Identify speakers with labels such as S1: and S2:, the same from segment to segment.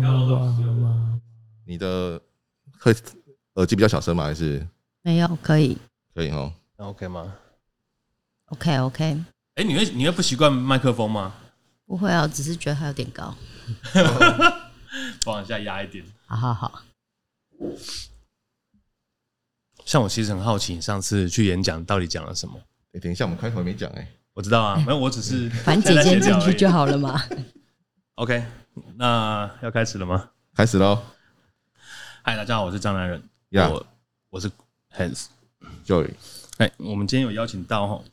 S1: 剛剛嗎？你的耳機比較小聲嗎？還是
S2: 沒有可以？
S1: 可以哦，
S3: 那 OK 嗎
S2: ？OK OK。哎、
S3: 欸，你會你會不習慣麥克風嗎？
S2: 不會啊，只是覺得還有點高。
S3: 往下壓一點好好。好。像我其實很好奇，上次去演講到底講了什麼？哎、欸，等一下，我們開頭沒講哎、欸，我知道啊，反、欸、正我只是反正直接進去就好了嘛。 OK。那要開始了嗎？
S1: 開始嘍！
S3: 嗨，大家好，我是彰南仁
S1: ，yeah, 我我是 Hans Joy。哎
S3: ，Hi, 我們今天有邀請到吼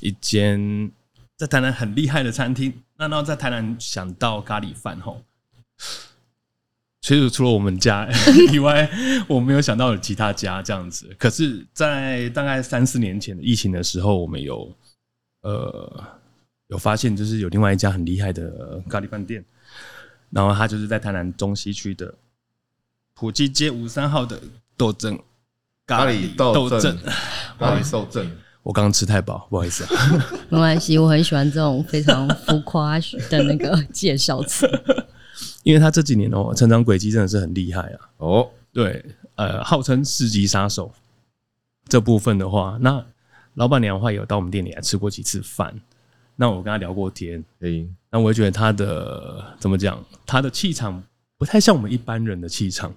S3: 一間在台南很厲害的餐廳。那然後在台南想到咖喱飯吼，其實除了我們家以外， 我沒有想到有其他家這樣子。可是，在大概三四年前的疫情的時候，我們有呃有發現，就是有另外一家很厲害的咖喱飯店。然後他就是在台南中西區的普濟街五十三號的鬥陣咖喱鬥陣咖喱鬥陣，我剛剛吃太飽，不好意思、啊。沒關係， 我
S2: 很喜歡這種非常浮誇的那個介紹詞，
S3: 因為他這幾年的、喔、成長軌跡真的是很厲害啊。哦，對，呃，號稱四級殺手這部分的話，那老板娘的話有到我們店裡來吃過幾次飯。那我跟他聊過天，哎，那我也覺得他的怎麼講，他的氣場不太像我們一般人的氣場。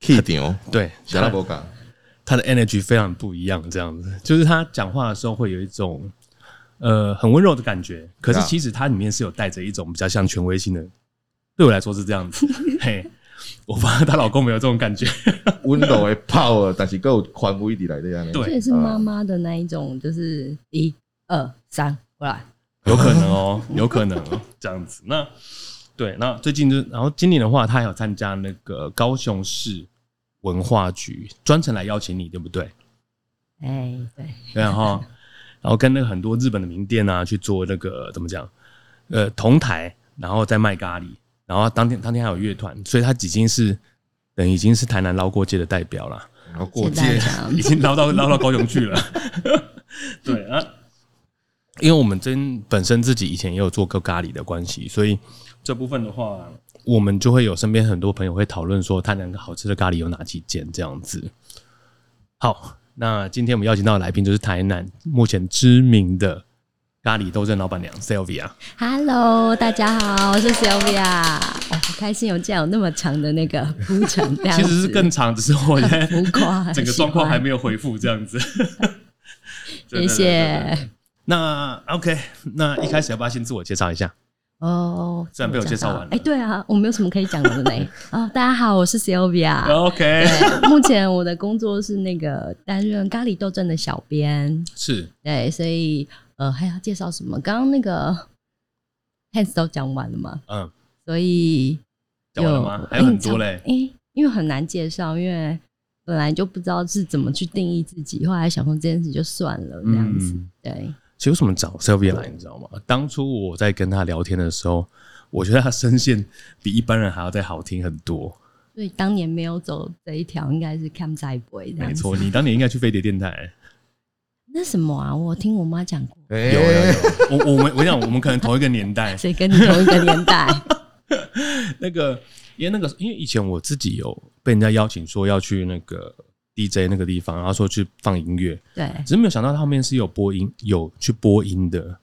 S3: 氣頂哦，對，阿拉伯他的 energy 非常不一樣，這樣子，就是他講話的時候會有一種呃很溫柔的感覺，可是其實他裡面是有帶着一種比較像權威性的，
S1: 對我來說是這樣子。嘿， 我發現他老公沒有這種感覺，溫柔也泡了，但是夠權威的來的呀。對，這也是
S2: 媽媽的那一種，啊、就是一二。
S1: 三，有可能哦， 有可能哦。這樣子。那對，那最
S3: 近就，然後今年的話，他還有參加那個高雄市文化局，專程來邀請你，對不對？
S2: 哎、
S3: 欸，對。然後，然後跟那個很多日本的名店啊，去做那個怎麼講？呃，同台，然後在賣咖喱，然後當天當天還有樂團，所以他已經是等、嗯、已經是台南撈過界的代表了，然後過界已經撈到撈到高雄去了。 對啊。因為我們真本身自己以前也有做過咖喱的關係，所以這部分的話，我們就會有身邊很多朋友會討論說，台南好吃的咖喱有哪幾間這樣子。好，那今天我們邀請到的來賓就是台南目前知名的咖哩鬥陣老闆娘 Sylvia。
S2: Hello，大家好，我是 Sylvia， 哦、好開心有、哦、這樣有那麼長的那個鋪陳， 其實是更
S3: 長，只是我整個狀況還沒有恢復這樣子。
S2: 謝 謝。
S3: 那 OK，那一開始要不要先自我介紹一下？
S2: 哦、oh,，雖然被我介紹完了。哎，欸、對啊，我沒有什麼可以講的了、 哦。大家好，我是 Sylvia、
S3: okay.。
S2: OK， 目前我的工作是那個擔任咖喱鬥陣的小編，是，對，所以呃還要介紹什麼？剛剛那個 hands 都講完了嗎？嗯，所以
S3: 講完了嗎？還有很多嘞、欸
S2: 欸，因為很難介紹，因為本來就不知道是怎麼去定義自己，後來想說這件事就算了這樣子，嗯、對。
S3: 其實為什麼找 Sylvia 來，你知道嗎？當初我在跟他聊天的時候，我覺得他聲線比一般人還要再好聽很多。
S2: 所以當年沒有走這一條，應該是 c a m e Coby。
S3: 沒錯，你當年應該去飛碟電台、
S2: 欸。 那什麼啊？我聽我媽講過。有、
S3: 欸、有有，有有 我我們我想，我們可能同一個年代。誰
S2: 跟你同一個年代？
S3: 那個，因為那個，因為以前我自己有被人家邀請說要去那個。DJ 那個地方，然後說去放音樂，對，只是沒有想到他後面是有播音、有去播音的，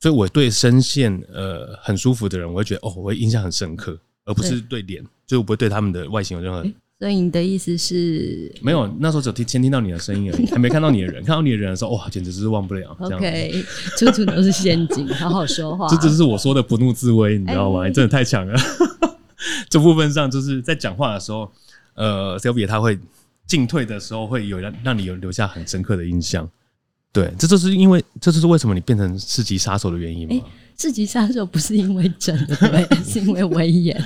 S3: 所以我對聲線呃很舒服的人，我會覺得哦、喔，我會印象很深刻，而不是對臉，就不會對他們的外形有任何。
S2: 所以你的意思是，
S3: 沒有那時候只聽先聽到你的聲音而已，還沒看到你的人， 看到你的人的時候，哇，簡直是忘不了。 OK，
S2: 處處都是陷阱， 好好說話。就這
S3: 是我說的不怒自威，你知道嗎？欸、真的太強了。 這部分上就是在講話的時候，呃，Sylvia 他會。進退的時候會有讓讓你有留下很深刻的印象，對，這就是因為這就是為什麼你變成四級殺手的原因嗎？哎，
S2: 四級殺手不是因為真的 是因為威嚴。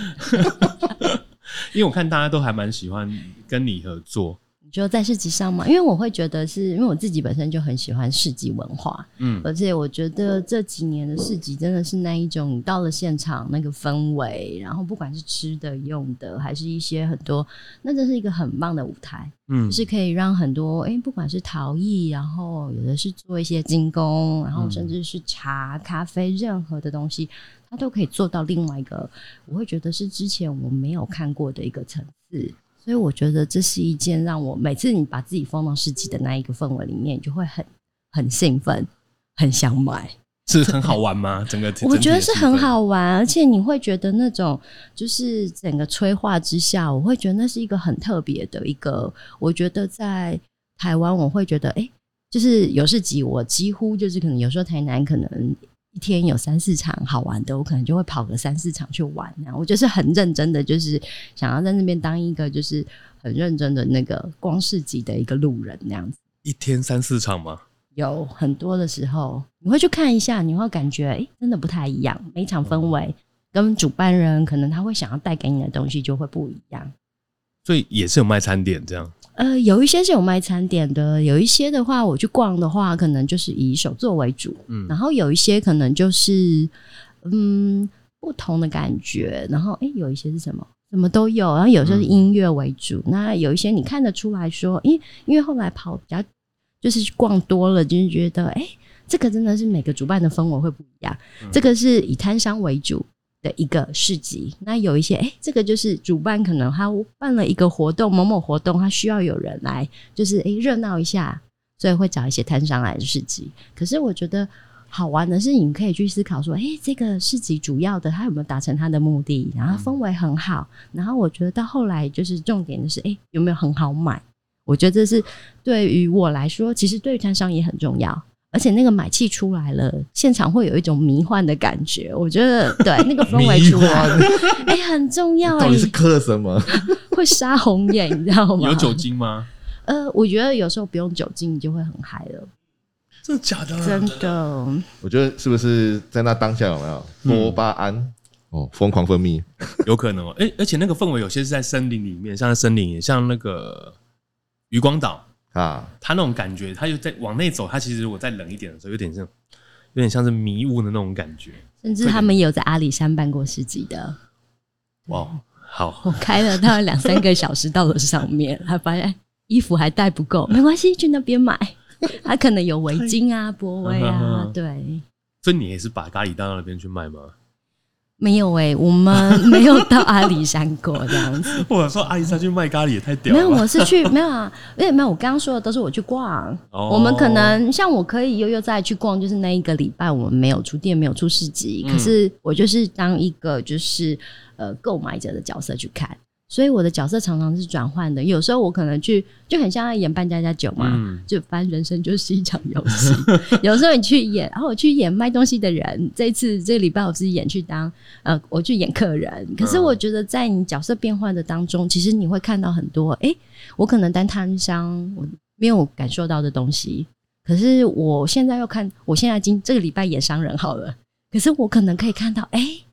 S3: 因為我看大家都還蠻喜歡跟你合作。
S2: 就在市集上嘛，因為我會覺得是因為我自己本身就很喜歡市集文化，嗯，而且我覺得這幾年的市集真的是那一種你到了現場那個氛圍，然後不管是吃的、用的，還是一些很多，那真是一個很棒的舞台，嗯，就是可以讓很多，哎、欸，不管是陶藝，然後有的是做一些精工，然後甚至是茶、咖啡，任何的東西，它都可以做到另外一個，我會覺得是之前我沒有看過的一個層次。所以我覺得這是一件讓我每次你把自己放到市集的那一個氛圍裡面，你就會很很興奮，很想
S3: 買，是很好玩嗎？ 整個我覺得是很
S2: 好玩， 而且你會覺得那種就是整個催化之下，我會覺得那是一個很特別的一個。我覺得在台灣，我會覺得哎、欸，就是有市集，我幾乎就是可能有時候台南可能。一天有三四場好玩的，我可能就會跑個三四場去玩。我就是很認真的，就是想要在那邊當一個，就是很認真的那個逛市
S3: 集的一個路人那樣子。一天三四場嗎？
S2: 有很多的時候，你會去看一下，你會感覺哎、欸，真的不太一樣。每場氛圍、嗯、跟主辦人可能他會想要帶給你的東西就會不一樣。
S3: 所以也是有賣餐點這樣。
S2: 呃，有一些是有賣餐點的，有一些的話，我去逛的話，可能就是以手作為主，嗯、然後有一些可能就是，嗯，不同的感覺，然後哎、欸，有一些是什麼，什麼都有，然後有時候是音樂為主、嗯，那有一些你看得出來說，因為因為後來跑比較就是逛多了，就是覺得哎、欸，這個真的是每個主辦的氛圍會不一樣，嗯、這個是以攤商為主，的一個市集，那有一些哎、欸，這個就是主辦可能他辦了一個活動，某某活動他需要有人來，就是哎熱鬧一下，所以會找一些攤商來的市集。可是我覺得好玩的是，你可以去思考說，哎、欸，這個市集主要的他有沒有達成他的目的，然後氛圍很好，然後我覺得到後來就是重點就是哎、欸，有沒有很好買。我覺得這是對於我來說，其實對於攤商也很重要。而且那個買氣出來了，現場會有一種迷幻的感覺。我覺得，對那個氛圍出來，哎、欸，很重要啊、欸。到底是嗑什麼？會殺紅眼， 你知道嗎？有酒精嗎？呃，我覺得有時候不用酒精，你就會很嗨了。真的假的？真的。
S1: 我覺得是不是在那當下有沒有多巴胺、嗯？哦，瘋狂分泌，有可能。哎、欸，而且那個氛圍有些是在森林裡面，像森林，像那個
S3: 漁光島。啊，他那種感覺，他就在往內走。他其實如果再冷一點的時候，有點像，有點像是迷霧的那種感覺。
S2: 甚至他們有在阿里山辦過市集的。
S3: 哇、wow，好！我
S2: 開了大概兩三個小時到了上面，他 發現衣服還帶不夠，沒關係，去那邊買。他可能有圍巾啊、脖 圍啊、uh -huh，對。
S3: 所以你也是把咖喱帶到那邊去賣嗎？
S2: 沒有誒、欸，我們沒有到阿里山過這
S3: 樣子。 我說阿里山去賣咖喱也太屌了。沒有，我是去
S2: 沒有啊，因為沒有。我剛剛說的都是我去逛、哦。我們可能像我可以悠悠再去逛，就是那一個禮拜我們沒有出店，沒有出市集。嗯、可是我就是當一個就是呃購買者的角色去看。所以我的角色常常是轉換的，有時候我可能去就很像演《扮家家酒》嘛，嗯、就反正人生就是一場遊戲。 有時候你去演，然後我去演賣東西的人。這一次這個禮拜我自己演去當呃，我去演客人。可是我覺得在你角色變換的當中、嗯，其實你會看到很多，哎、欸，我可能當攤商，我沒有感受到的東西。可是我現在又看，我現在今這個禮拜演商人好了。可是我可能可以看到，哎、欸。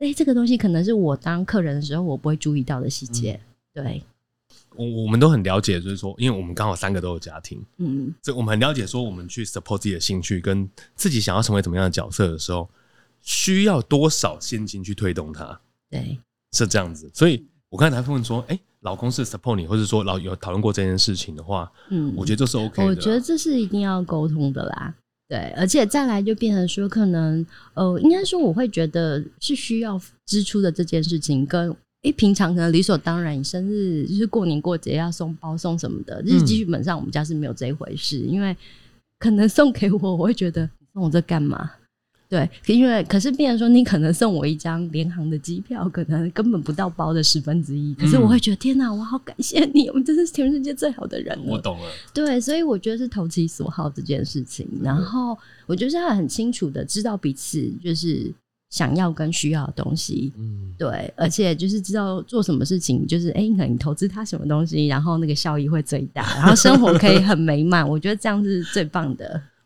S2: 哎、欸，這個東西可能是我當客人的時候我不會注意到的細節、嗯。對，
S3: 我我們都很了解，就是說，因為我們剛好三個都有家庭，嗯，所以我們很了解，說我們去 support 自己的興趣跟自己想要成為怎麼樣的角色的時候，需要多少現金去推動它。對，是這樣子。所以我剛才還問說，哎、欸，老公是 support 你，或者說老有討論過這件事情的話，嗯，我覺得這是 OK 的。我覺
S2: 得這是一定要溝通的啦。對，而且再來就變成說，可能呃，應該說我會覺得是需要支出的這件事情，跟一、欸、平常可能理所當然，生日就是過年過節要送包送什麼的，日、嗯就是、基本上我們家是沒有這一回事，因為可能送給我，我會覺得送這幹嘛。對，因為可是變成說，你可能送我一張聯航的機票，可能根本不到包的十分之一。嗯、可是我會覺得，天哪、啊，我好感謝你，我們真是全世界最好的人。我懂了。對，所以我覺得是投其所好這件事情。然後，我覺得是很清楚的知道彼此就是想要跟需要的東西。嗯，對，而且就是知道做什麼事情，就是哎，可、欸、能你投資他什麼東西，然後那個效益會最大，然後生活可以很美滿。 我覺得這樣是最棒的。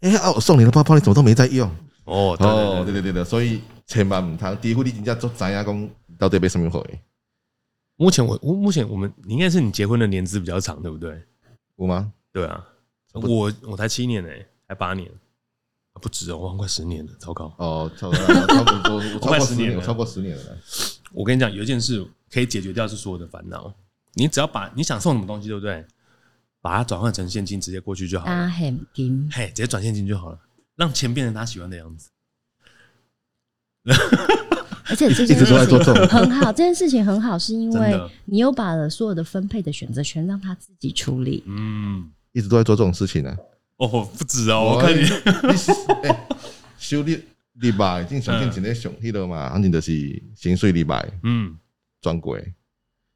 S1: 哎、欸、哦、啊，我送你的包包，你怎麼都沒在用？哦，對對對對，所以千萬不要第二步你先要就知啊，講到底被什麼回。目前我我目前我們你應該是你結婚的年資比較長，對不對？我嗎？
S3: 對啊，我我才七年呢、欸，還八年，不止哦，我很快十年了，糟糕！哦，差差不多，啊、我超過十年， 我十年我超過十年了。我跟你講，有一件事可以解決掉，是所有的煩惱。你只要把你想送什麼東西，對不對？把它轉換成現金，直接過去就好了。嘿，直接轉現金就好了，讓錢變成他喜歡的樣子。
S2: 這很好， 這件事情很好，很好 很好是因為你又把所有的分配的選擇權讓他自
S1: 己處理。嗯，一直都在做這種事情呢、啊。哦，不止哦，我看你，你是，哎、欸，兄 弟，你買進熊，進起來熊去了嘛？行情就是先睡禮拜，嗯，轉軌。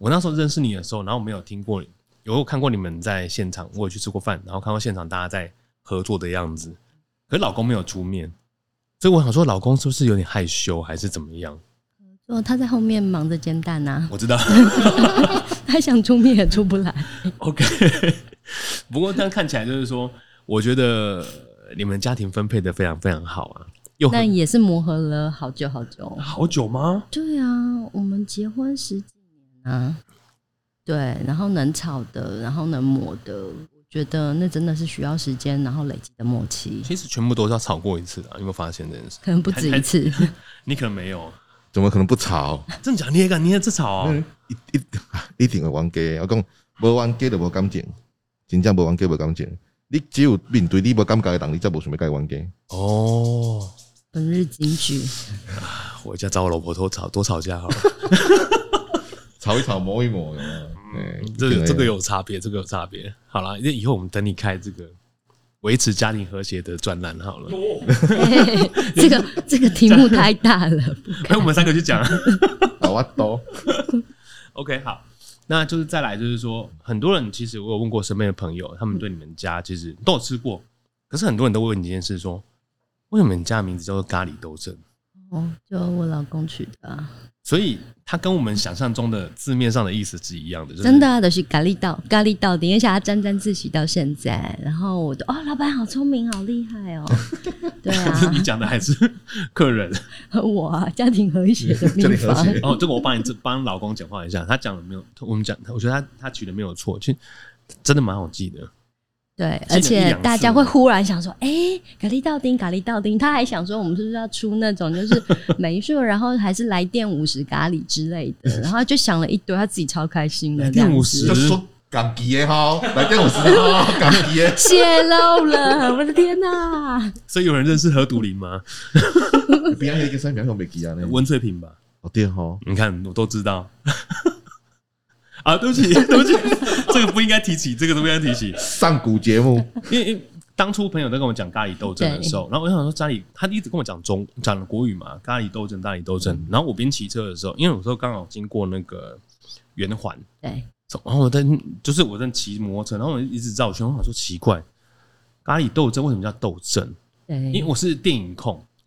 S3: 我那時候認識你的時候，然後我沒有聽過，有看過你們在現場，我有去吃過飯，然後看過現場大家在合作的樣子，可是老公沒有出面，所以我想說，老公是不是有點害羞，還是怎麼樣？
S2: 哦，他在後面忙着煎蛋吶、啊，我知道，他 想出面也出不來。OK，
S3: 不過這樣看起來就是說，我覺得你們家庭分配的非常非常好啊，但
S2: 那也是磨合了好久好久，好
S3: 久嗎？
S2: 對啊，我們結婚時。嗯、啊，對，然後能吵的，然後能磨的，我覺得那真的是需要時間，然後累積的
S3: 默契。其實全部都是要吵過一次的、啊，有沒有發現這件事？可能不止一次。你可能沒有，
S1: 怎麼可能不吵？真假你也敢捏吵、喔嗯嗯，
S3: 你也自
S1: 吵。一、一、定會冤家。我講無冤家就無感情，真正無冤家無感情。你只有面對你無感覺的人，你才無想要改冤家。哦，
S3: 本日金
S2: 句、
S1: 啊。我家找我老婆多吵多吵架好、喔、了。 炒
S3: 一炒，磨一磨。嗯，這、欸、這個有差別，這個有差別、這個。好了，那以後我們等你開這個維持家庭和諧的專欄好了。喔 欸、這個這
S2: 個題目太大了，給、欸、我們三
S3: 個就講。 好啊，都我 OK。好，那就是再來，就是說，很多人其實我有問過身邊的朋友，他們對你們家其實都有吃過。可是很多人都問你一件事說，說為什麼你家的名字叫做咖哩鬥陣？
S2: 哦，就我老公取的啊。
S3: 所以，他跟我們想象中的字面上的意思是一樣的。就是、真的啊，都、
S2: 就是咖哩鬥，咖哩鬥，等一下他沾沾自喜到現在，然後我就哦，老闆好聰明，好厲害哦。
S3: 對啊， 你講的還是客人，
S2: 我啊，家庭和諧的嘛、嗯，家庭和諧。 哦，
S3: 這個我幫你幫老公講話一下，他講的沒有，我們講，我覺得他他取的沒有錯，其實真的蠻好記得的。
S2: 對，而且大家會忽然想說，哎、欸，咖哩鬥陣，咖哩鬥陣，他還想說，我們是不是要出那種就是沒數，然後還是來電五十咖喱之類的， 然後他就想了一堆，他自己超開心的這樣子，來電五十，他說
S1: 港幣也好，來電五十啊，港幣也
S2: 洩露了，我的天哪、
S3: 啊！所以有人認識何獨林嗎？不要一個三秒小美吉啊，溫翠萍吧，哦，對哈、哦，你看我都知道。 啊，對不起，對不起， 這個不應該提起，這個不應該提起。上古節目，因為當初朋友在跟我講《咖哩鬥陣》的時候，然後我想說咖哩，咖哩他一直跟我講中講國語嘛，咖《咖哩鬥陣》《咖哩鬥陣》，然後我邊騎車的時候，因為有時候剛好經過那個圓環，對，然後我在，就是我在騎摩托車，然後我一直繞圈，我想說，奇怪，《咖哩鬥陣》為什麼叫鬥陣？對，因為我是電影控。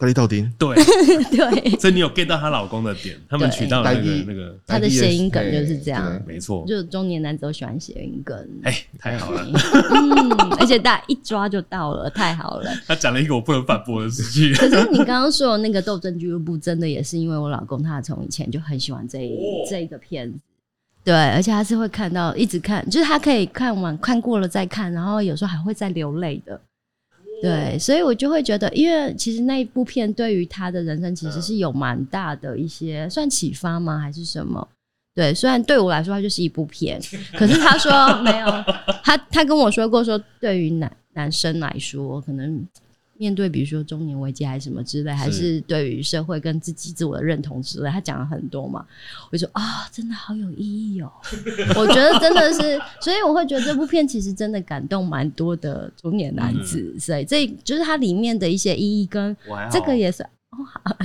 S1: 咖哩鬥陣，對 對，所以你有 get 到她老公的點，他們取到了那個那，那個 IDH，他的諧音梗就
S2: 是這樣，沒錯，就是中年男子都喜歡諧音
S3: 梗，哎，太好了，
S2: 嗯， 而且大家一抓就到了，太好了。
S3: 他講了一個我不能反駁的事情。可是
S2: 你剛剛說的那個《鬥陣俱樂部》真的也是因為我老公，他從以前就很喜歡這一、哦、這一個片子。對，而且他是會看到一直看，就是他可以看完看過了再看，然後有時候還會再流淚的。對，所以我就會覺得，因為其實那一部片對於他的人生其實是有蠻大的一些、嗯、算啟發嗎，還是什麼？對，雖然對我來說它就是一部片， 可是他說沒有， 他他跟我說過說對於，對於男男生來說可能。面對比如說中年危機還是什麼之類，還是對於社會跟自己自我的認同之類，他講了很多嘛。我就說啊、哦，真的好有意義哦！ 我覺得真的是，所以我會覺得這部片其實真的感動蠻多的中年男子。嗯、所以這就是他裡面的一些意義跟這個也是，不、哦、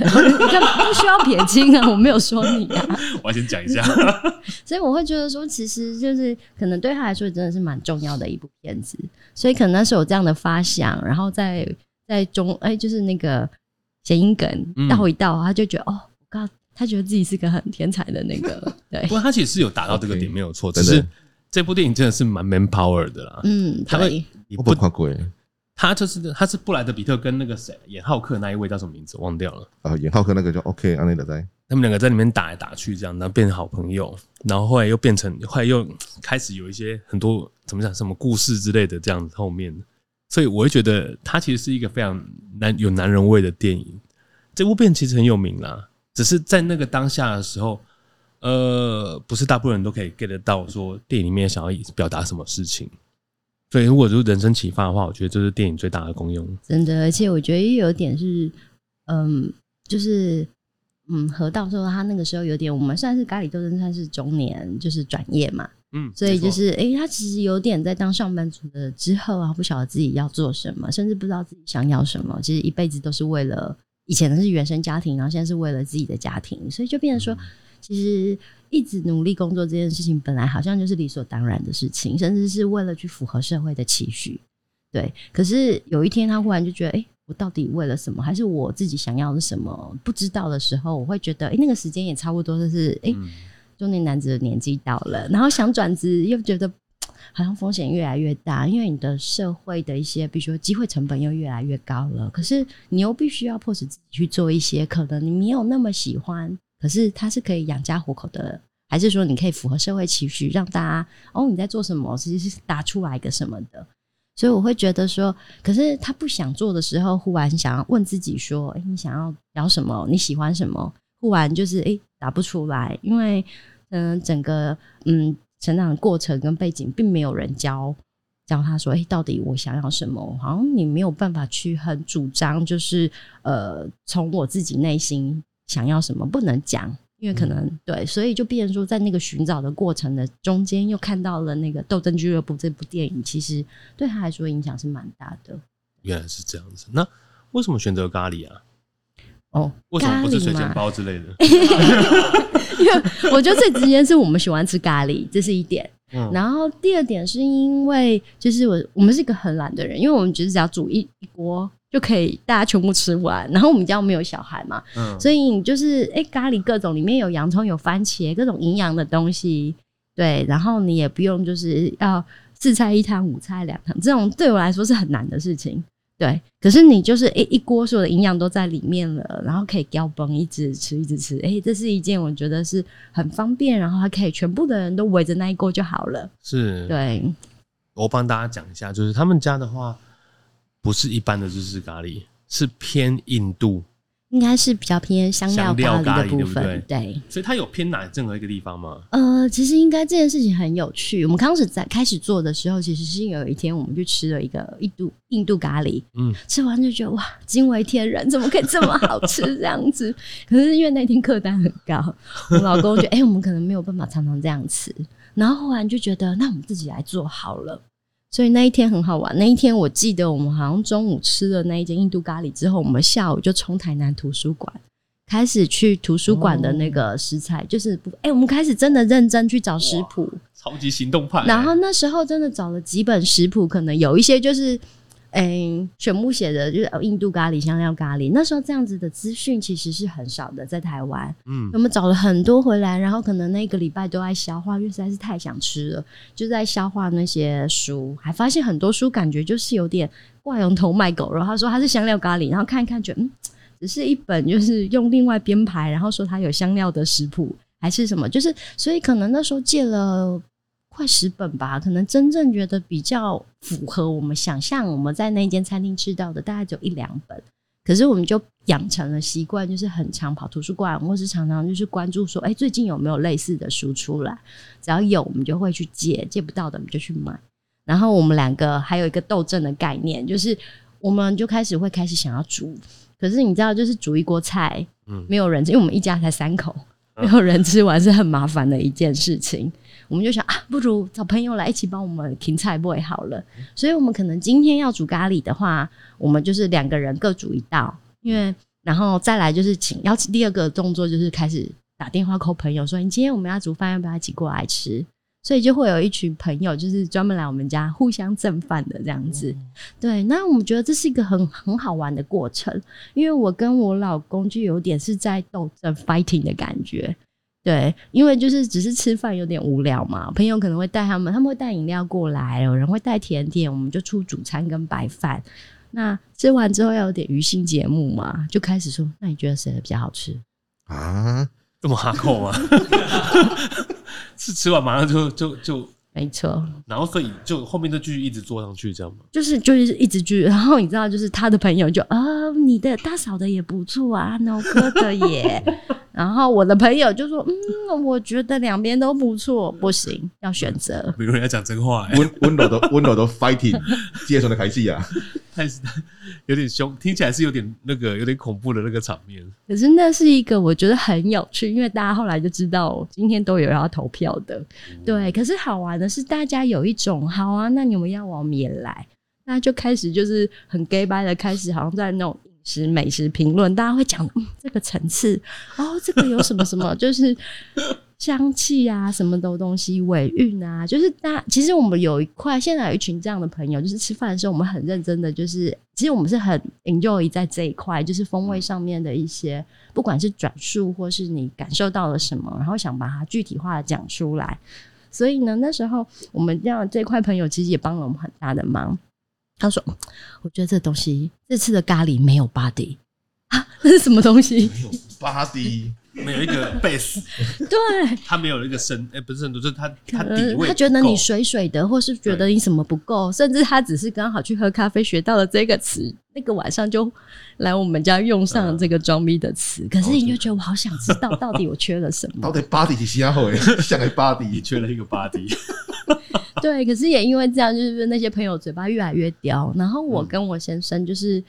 S2: 需要撇清啊！ 我沒有說你啊。我要
S3: 先講一下 所，
S2: 所以我會覺得說，其實就是可能對他來說真的是蠻重要的一部片子。所以可能是有這樣的發想，然後在。在中哎，就是那個諧音梗倒一倒，嗯、他就覺得哦，我剛他覺得自己是個很天才的那個，
S3: 對。不過他其實是有達到這個點沒有錯，但、okay, 是這部電影真
S1: 的是蠻 man power 的啦。嗯，他對。也不誇貴，
S3: 他就是他是布萊德彼特跟那個誰演浩克那一位叫什麼名字？忘掉
S1: 了。啊，演浩克那個就 O.K. 阿奈德在。
S3: 他們兩個在裡面打來打去這樣，然後變成好朋友，然後後來又變成後來又開始有一些很多怎麼講什麼故事之類的這樣子後面。所以我會覺得，它其實是一個非常男有男人味的電影。這部片其實很有名啦，只是在那個當下的時候，呃，不是大部分人都可以 get 到說電影裡面想要表達什麼事情。所以，如果就是人生啟發的話，我覺得這是電影最大的功用。
S2: 真的，而且我覺得有一點是，嗯，就是嗯，河道說他那個時候有點，我們算是咖哩鬥陣，算是中年，就是轉業嘛。嗯、所以就是，哎、欸，他其實有點在當上班族的之後啊，不曉得自己要做什麼，甚至不知道自己想要什麼。其實一輩子都是為了以前的是原生家庭，然後現在是為了自己的家庭，所以就變成說、嗯，其實一直努力工作這件事情，本來好像就是理所當然的事情，甚至是為了去符合社會的期許。對，可是有一天他忽然就覺得，哎、欸，我到底為了什麼？還是我自己想要的什麼？不知道的時候，我會覺得，哎、欸，那個時間也差不多，就是，哎、欸。嗯中年男子的年紀到了，然後想轉職，又覺得好像風險越來越大，因為你的社會的一些，比如說機會成本又越來越高了。可是你又必須要迫使自己去做一些，可能你沒有那麼喜歡，可是它是可以養家糊口的，還是說你可以符合社會期許，讓大家哦你在做什麼，其實是打出來一個什麼的。所以我會覺得說，可是他不想做的時候，忽然想要問自己說：誒，欸，你想要聊什麼？你喜歡什麼？忽然就是哎、欸，打不出來，因為嗯、呃，整個嗯成長的過程跟背景並沒有人教教他說，哎、欸，到底我想要什麼？好像你沒有辦法去很主張，就是呃，從我自己內心想要什麼不能講，因為可能、嗯、對，所以就變成說，在那個尋找的過程的中間，又看到了那個《鬥陣俱樂部》這部電影，其實對他來說影響是蠻大的。
S3: 原來是這樣子，那為什麼選擇咖喱啊？哦，為什麼不吃水煎包之類
S2: 的？ 因為我覺得最直接是我們喜歡吃咖喱，這是一點。嗯、然後第二點是因為，就是我我們是一個很懶的人，因為我們只是只要煮一一鍋就可以大家全部吃完。然後我們家我們有小孩嘛，嗯、所以你就是、欸、咖喱各種裡面有洋蔥有番茄各種營養的東西，對。然後你也不用就是要四菜一湯五菜兩湯，這種對我來說是很難的事情。對，可是你就是、欸、一一鍋所有的營養都在裡面了，然後可以膠崩，一直吃，一直吃。哎、欸，這是一件我覺得是很方便，然後還可以全部的人都圍着那一鍋就好了。
S3: 是，對，我幫大家講一下，就是他們家的話，不是一般的日式咖喱，是偏印度。
S2: 應該是比較偏香料咖喱的部分，對，
S3: 對，對。所以它有偏的任何一個地方嗎？
S2: 呃，其實應該這件事情很有趣。我們剛開始在開始做的時候，其實是有一天我們就吃了一個印度印度咖喱，嗯，吃完就覺得哇，驚為天人，怎麼可以這麼好吃這樣子？ 可是因為那天客單很高，我老公覺得哎，我們可能沒有辦法常常這樣吃。然後後來就覺得，那我們自己來做好了。所以那一天很好玩。那一天我記得，我們好像中午吃了那一間印度咖喱之後，我們下午就從台南圖書館開始去圖書館的那個食材，哦、就是哎、欸，我們開始真的認真去找食譜，
S3: 超級行動派。然後
S2: 那時候真的找了幾本食譜，可能有一些就是。嗯，全部寫的就是印度咖喱、香料咖喱。那時候這樣子的資訊其實是很少的，在台灣。嗯，那麼找了很多回來，然後可能那個禮拜都在消化，因為實在是太想吃了，就在消化那些書。還發現很多書，感覺就是有點掛羊頭賣狗肉。然後他說他是香料咖喱，然後看一看，覺得嗯，只是一本就是用另外編排，然後說他有香料的食譜還是什麼，就是所以可能那時候借了。快十本吧，可能真正覺得比較符合我們想象，我們在那間餐廳吃到的大概只有一兩本。可是我們就養成了習慣，就是很常跑圖書館，或是常常就是關注說，哎、欸，最近有沒有類似的書出來？只要有，我們就會去借；借不到的，我們就去買。然後我們兩個還有一個鬥陣的概念，就是我們就開始會開始想要煮，可是你知道，就是煮一鍋菜，嗯，沒有人，因為我們一家才三口，沒有人吃完是很麻煩的一件事情。我們就想啊，不如找朋友來一起幫我們停菜 boy 好了。所以，我們可能今天要煮咖喱的話，我們就是兩個人各煮一道。因為然後再來就是請邀請第二個動作就是開始打電話 call 朋友說，你今天我們要煮飯，要不要一起過來吃？所以就會有一群朋友就是專門來我們家互相蹭飯的這樣子。對，那我們覺得這是一個很很好玩的過程，因為我跟我老公就有點是在鬥陣 fighting 的感覺。對，因為就是只是吃飯有點無聊嘛，朋友可能會帶他們，他們會帶飲料過來，有人會帶甜點，我們就出主餐跟白飯。那吃完之後要有點餘興節目嘛，就開始說，那你覺得誰比較好吃
S3: 啊？這麼好 a 嗎？是吃完馬上就就就。就沒錯，然後所以就後面就繼續一直做上去，這樣嗎？
S2: 就是就是一直鋸，然後你知道，就是他的朋友就啊，你的大嫂的也不錯啊，老哥的也， 然後我的朋友就說，嗯，我覺得兩邊都不錯， 不行，要選擇。美
S1: 國人要講真話，欸，溫 溫柔的溫柔的 fighting，接聖的凱西啊，太
S3: 有點凶，聽起來是有點那個有點恐怖的那個場面。
S2: 可是那是一個我覺得很有趣，因為大家後來就知道今天都有要投票的，嗯、對。可是好玩的。可是大家有一種好啊，那你們要往裡面來，那就開始就是很假掰的開始，好像在那種飲食美食評論，大家會講、嗯、這個層次哦，這個有什麼什麼， 就是香氣啊什麼的東西，尾韻啊，就是大。其實我們有一塊，現在有一群這樣的朋友，就是吃飯的時候我們很認真的，就是其實我們是很 enjoy 在這一塊，就是風味上面的一些，不管是轉述或是你感受到了什麼，然後想把它具體化的講出來。所以呢，那時候我們讓這塊朋友，其實也幫了我們很大的忙。他說：“我覺得這東西這次的咖喱沒有 body 啊，這是什麼東西？沒
S3: 有 body，沒有一個 base。 對，他沒有一個深誒，欸、不是深度，是他他底味，他覺得
S2: 你水水的，或是覺得你什麼不夠，甚至他只是剛好去喝咖啡學到了這個詞。”那、這個晚上就來我們家用上了這個裝逼的詞、啊，可是你就覺得我好想知道，到底我缺
S1: 了什麼？到底巴 o d y 是消耗誒，像個 b o y 缺了一個巴 o
S2: d y 對，可是也因為這樣，就是那些朋友嘴巴越來越刁，然後我跟我先生就是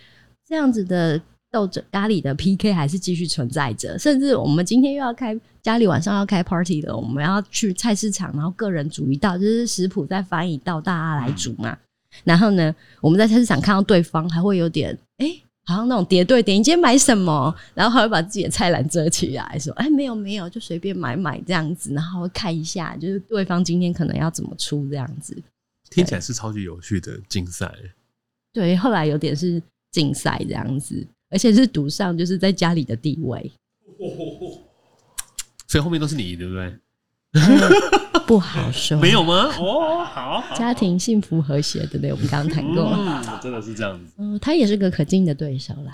S2: 這樣子的鬥嘴，家裡的 PK 還是繼續存在着。甚至我們今天又要開家裡晚上要開 party 的，我們要去菜市場，然後個人煮一道，就是食譜再翻譯到大家來煮嘛。嗯然後呢，我們在菜市場看到對方，還會有點哎、欸，好像那種諜對諜，你今天買什麼，然後還會把自己的菜籃遮起來，說哎，欸、沒有沒有，就隨便買買這樣子，然後看一下，就是對方今天可能要怎麼出這樣子。聽起
S3: 來是超級有趣的競賽。
S2: 對，後來有點是競賽這樣子，而且是賭上就是在家裡的地位。
S3: 哦、吼吼。所以後面都是你，對不對？ 不好說，沒有嗎？哦，好，好好好，
S2: 家庭幸福和諧，對不對，對？我們剛剛談過、嗯，
S3: 真的是這樣子。
S2: 嗯、呃，他也是個可敬的對
S3: 手啦。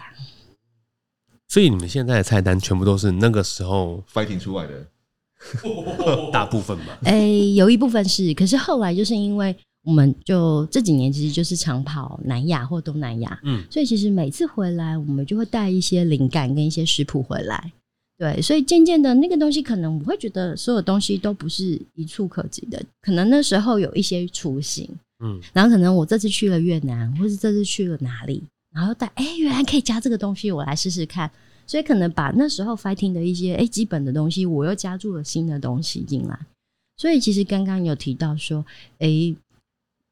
S3: 所以你們現在的菜單全部都是那個時候 fighting 出來
S1: 的， 大部分吧？哎、
S2: 欸，有一部分是，可是後來就是因為我們就這幾年其實就是常跑南亞或東南亞，嗯，所以其實每次回來，我們就會帶一些靈感跟一些食譜回來。對，所以漸漸的那個東西，可能我會覺得所有東西都不是一蹴可及的。可能那時候有一些雛形，嗯，然後可能我這次去了越南，或是這次去了哪裡，然後又帶哎、欸，原來可以加這個東西，我來試試看。所以可能把那時候 fighting 的一些哎、欸、基本的東西，我又加入了新的東西進來。所以其實剛剛有提到說，哎、欸，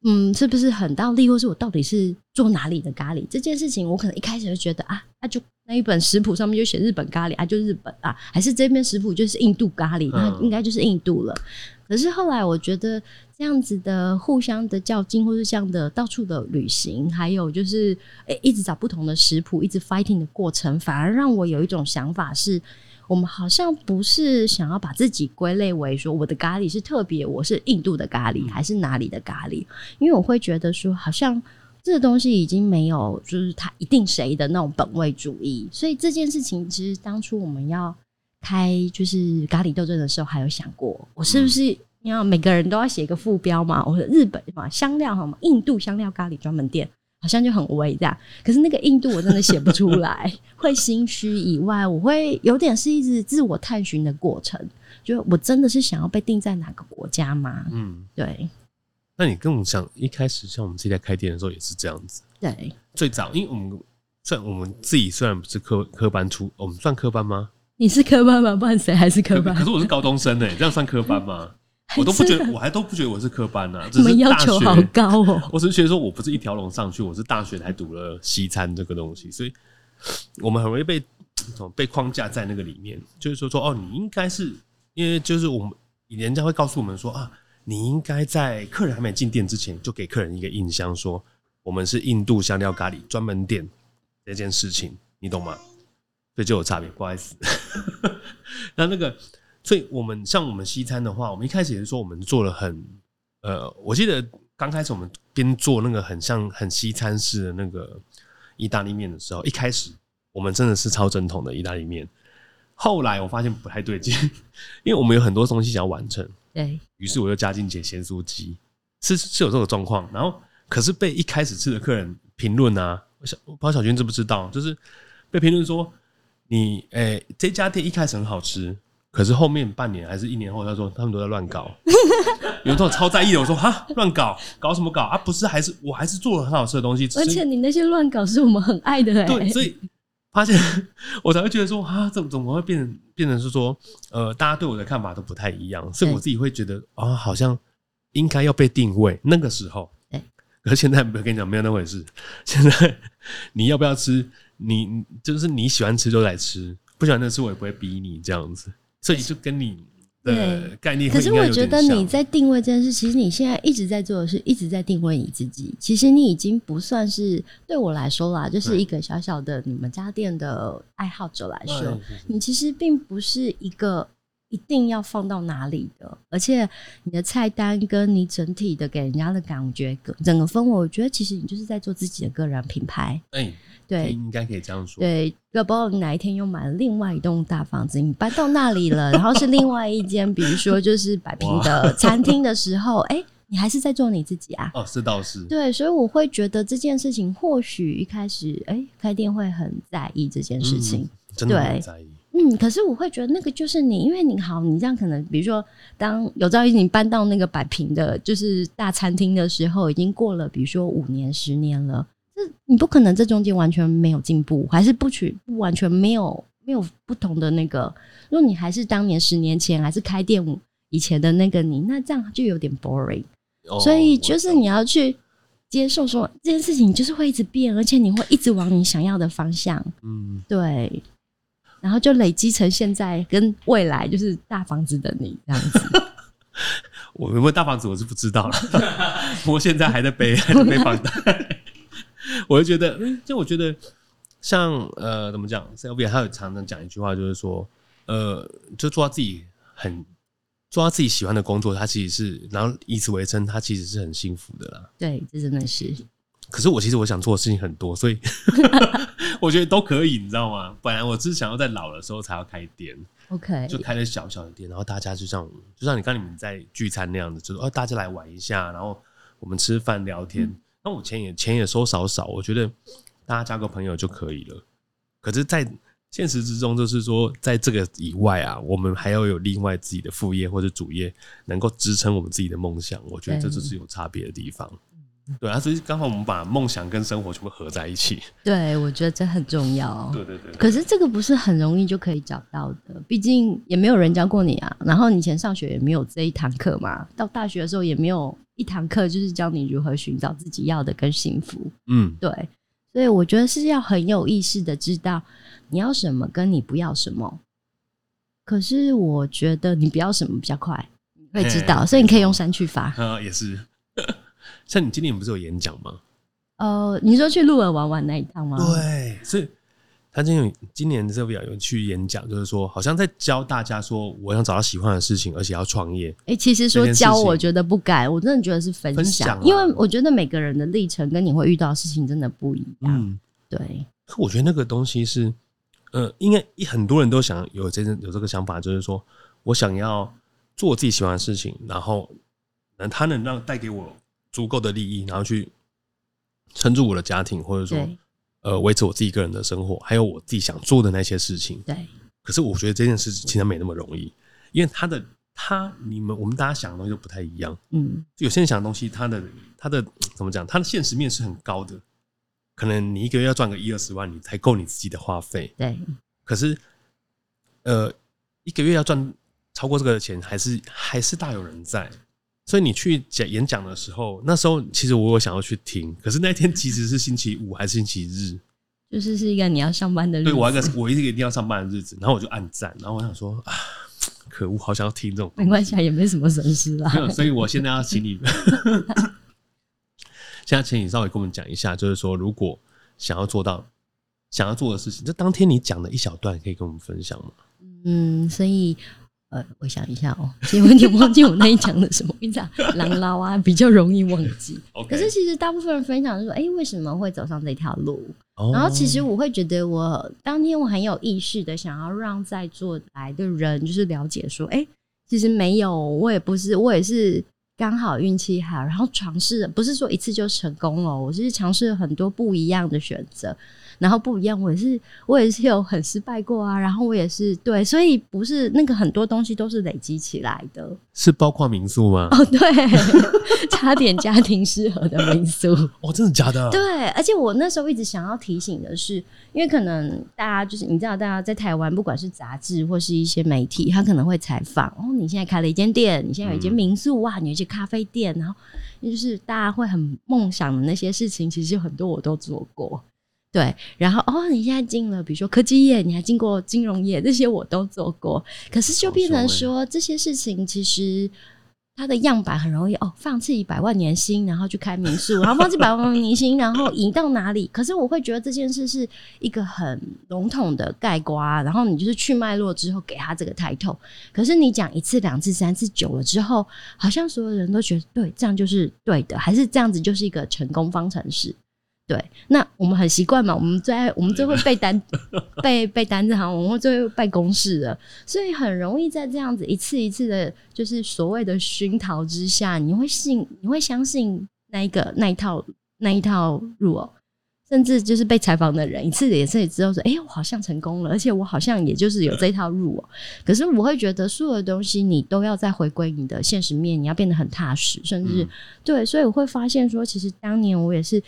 S2: 嗯，是不是很道地？或是我到底是做哪裡的咖哩這件事情，我可能一開始就覺得啊，那、啊、就。那一本食譜上面就寫日本咖喱啊，就日本啊，還是這邊食譜就是印度咖喱，那應該就是印度了。嗯。可是後來我覺得，這樣子的互相的較勁，或是這樣的到處的旅行，還有就是、欸、一直找不同的食譜，一直 fighting 的過程，反而讓我有一種想法是，是我們好像不是想要把自己歸類為說我的咖喱是特別，我是印度的咖喱，還是哪裡的咖喱？因為我會覺得說，好像。這個東西已經沒有，就是它一定誰的那種本位主義。所以這件事情，其實當初我們要開就是咖喱鬥陣的時候，還有想過，我是不是要每個人都要寫一個副標嘛？我說日本嘛，香料好嗎？印度香料咖喱專門店好像就很威這樣。可是那個印度我真的寫不出來， 會心虛以外，我會有點是一直自我探尋的過程，就我真的是想要被定在哪個國家嗎？嗯，對。
S3: 那你跟我們想一開始像我們自己在開店的時候也是這樣子，
S2: 對，
S3: 最早因為我們算我們自己雖然不是科科班出，我們算科班嗎？你
S2: 是科班嗎？不管誰還是科班
S3: 可，可是我是高中生哎、欸， 這樣算科班嗎？我都不覺得，我還都不覺得我是科班呢、啊。我們要求好高、喔，哦。我只是覺得說我不是一條龍上去，我是大學才讀了西餐這個東西，所以我們很容易被被框架在那個裡面，就是說說哦，你應該是因為就是我們人家會告訴我們說啊。你應該在客人還沒進店之前，就給客人一個印象，說我們是印度香料咖喱專門店這件事情，你懂嗎？所以就有差別，不好意思。 那那個，所以我們像我們西餐的話，我們一開始也是說我們做了很呃，我記得剛開始我們邊做那個很像很西餐式的那個意大利麵的時候，一開始我們真的是超正統的意大利麵，後來我發現不太對勁，因為我們有很多東西想要完成。對，於是我又加進去鹹酥雞，是是有這個狀況。然後可是被一開始吃的客人評論啊，我小，我不知道小君知不知道？就是被評論說你誒、欸，這家店一開始很好吃，可是後面半年還是一年後，他說他們都在亂搞。 有時候超在意的，我說哈，亂搞搞什麼搞啊？不是還是我還是做了很好吃的東西，而且
S2: 你那些亂搞是我們很愛的、欸、對所以。
S3: 發現我才會覺得說啊，怎麼怎麼會變成變成是說，呃，大家對我的看法都不太一樣，所、欸、以我自己會覺得啊、哦，好像應該要被定位。那個時候，哎，而現在沒有跟你講沒有那回事。現在你要不要吃，你就是你喜歡吃就來吃，不喜歡吃我也不會逼你這樣子，所以就跟你。對，概念。可是我覺得你
S2: 在定位這件事，其實你現在一直在做的是一直在定位你自己。其實你已經不算是對我來說啦，就是一個小小的你們家店的愛好者來說、嗯，你其實並不是一個。一定要放到哪裡的，而且你的菜單跟你整體的給人家的感覺，整個氛圍，我覺得其實你就是在做自己的個人品牌。
S3: 哎、欸，對，應該可以這樣
S2: 說。對，包括你哪一天又買了另外一棟大房子，你搬到那裡了，然後是另外一間， 比如說就是擺平的餐廳的時候，哎、 欸，你還是在做你自己
S3: 啊。哦，是倒是。對，
S2: 所以我會覺得這件事情，或許一開始，哎、欸，開店會很在意這件事情，
S3: 嗯、真的很在意。
S2: 嗯，可是我會覺得那個就是你，因為你好，你這樣可能，比如說當，當有朝一日你搬到那個百坪的，就是大餐廳的時候，已經過了，比如說五年、十年了，這你不可能這中間完全沒有進步，還是不取不完全沒有沒有不同的那個，如果你還是當年十年前還是開店以前的那個你，那這樣就有點 boring。Oh。所以就是你要去接受說這件事情就是會一直變，而且你會一直往你想要的方向。嗯。對。然後就累積成現在跟未來，就是大房子等你這樣
S3: 子。 我有沒有大房子，我是不知道了。不過現在還在背，還在背房貸。 我就覺得，就我覺得像呃，怎麼講？Sylvia，還有常常講一句話，就是說，呃，就做他自己很做他自己喜歡的工作，他其實是，然後以此為生，他其實是很幸福的啦。對，這真的是。可是我其實我想做的事情很多，所以， 我覺得都可以，你知道嗎？本來我只是想要在老的時候才要開店，OK，就開了小小的店，然後大家就像就像你剛你們在聚餐那樣子，就是哦、啊，大家來玩一下，然後我們吃飯聊天。那、嗯、我錢也錢也收少少，我覺得大家交個朋友就可以了。可是，在現實之中，就是說，在這個以外啊，我們還要有，有另外自己的副業或者主業，能夠支撐我們自己的夢想。我覺得這就是有差別的地方。對啊，所以剛好我們把夢想跟生活全部合在一起。
S2: 對，我覺得這很重要。對對對，對。可是這個不是很容易就可以找到的，畢竟也沒有人教過你啊。然後你以前上學也沒有這一堂課嘛，到大學的時候也沒有一堂課就是教你如何尋找自己要的跟幸福。嗯，對。所以我覺得是要很有意識的知道你要什麼跟你不要什麼。可是我覺得你不要什麼比較快
S3: 你會知道，
S2: 所以你可以用刪去法。
S3: 啊、嗯嗯，也是。像你今年不是有演講嗎？
S2: 哦、呃，你說去鹿兒玩玩那一趟嗎？對，
S3: 所以他今年今年手錶有去演講，就是說好像在教大家說，我想找到喜歡的事情，而且要創業。哎、欸，其實說教，我覺
S2: 得不改，我真的覺得是分享，分享啊、因為我覺得每個人的歷程跟你會遇到的事情真的不一樣。嗯、對，
S3: 可我覺得那個東西是，呃，應該一很多人都想有這有這個想法，就是說我想要做我自己喜歡的事情，然後能他能讓帶給我。足夠的利益，然後去撐住我的家庭，或者說，呃，維持我自己個人的生活，還有我自己想做的那些事情。對，可是我覺得這件事其實沒那麼容易，因為他的他，你們我們大家想的東西都不太一樣。嗯，就有些人想的東西，他的他的怎麼講，他的現實面是很高的，可能你一個月要賺個一二十萬，你才夠你自己的花費。對，可是，呃，一個月要賺超過這個錢，還是還是大有人在。所以你去講演講的時候，那時候其實我有想要去聽，可是那天其實是星期五還是星期日？
S2: 就是是一個你要上班的日子，對我一我
S3: 一個個一定要上班的日子，然後我就按讚，然後我想說啊，可惡，好想要聽這種，
S2: 沒關係，也沒什麼損失啦。沒有，所
S3: 以我現在要請你， 現在請你稍微跟我們講一下，就是說如果想要做到想要做的事情，就當天你講的一小段，可以跟我們分享嗎？嗯，
S2: 所以。呃，我想一下哦，因為你有沒有忘記我那一講的什麼？跟你講狼撈啊，
S3: 比較容易忘記。 okay. 可是
S2: 其實大部分人分享說，哎、欸，為什麼會走上這條路？Oh. 然後其實我會覺得，我當天我很有意識的想要讓在座來的人就是了解說，哎、欸，其實沒有，我也不是，我也是剛好運氣好，然後嘗試，不是說一次就成功了，我是嘗試了很多不一樣的選擇。然後不一樣，我也是，我也是有很失敗過啊。然後我也是對，所以不是那個很多東西都是累積起來的，
S3: 是包括民宿嗎？哦，
S2: 對， 差點家庭失
S3: 和的民宿。 哦，真的假的，啊？對，
S2: 而且我那時候一直想要提醒的是，因為可能大家就是你知道，大家在台灣，不管是雜誌或是一些媒體，他可能會採訪。哦。你現在開了一間店，你現在有一間民宿，啊，哇，你有一些咖啡店，然後就是大家會很夢想的那些事情，其實很多我都做過。對，然後哦，你現在進了，比如說科技業，你還進過金融業，這些我都做過。可是就變成說，這些事情其實它的樣板很容易哦，放棄一百萬年薪，然後去開民宿， 然後放棄百萬年薪，然後移到哪裡？可是我會覺得這件事是一個很籠統的概括。然後你就是去脈絡之後給他這個抬頭。可是你講一次、兩次、三次久了之後，好像所有人都覺得對，這樣就是對的，還是這樣子就是一個成功方程式？對，那我們很習慣嘛，我們最愛我們最會背單背背單子，哈，我們最會背 公式的，所以很容易在這樣子一次一次的，就是所謂的熏陶之下，你會信，你會相信那一個那一套那一套路哦，甚至就是被採訪的人一次的也是你知道說，哎、欸，我好像成功了，而且我好像也就是有這一套路哦，可是我會覺得所有的東西你都要再回歸你的現實面，你要變得很踏實，甚至、嗯、對，所以我會發現說，其實當年我也是。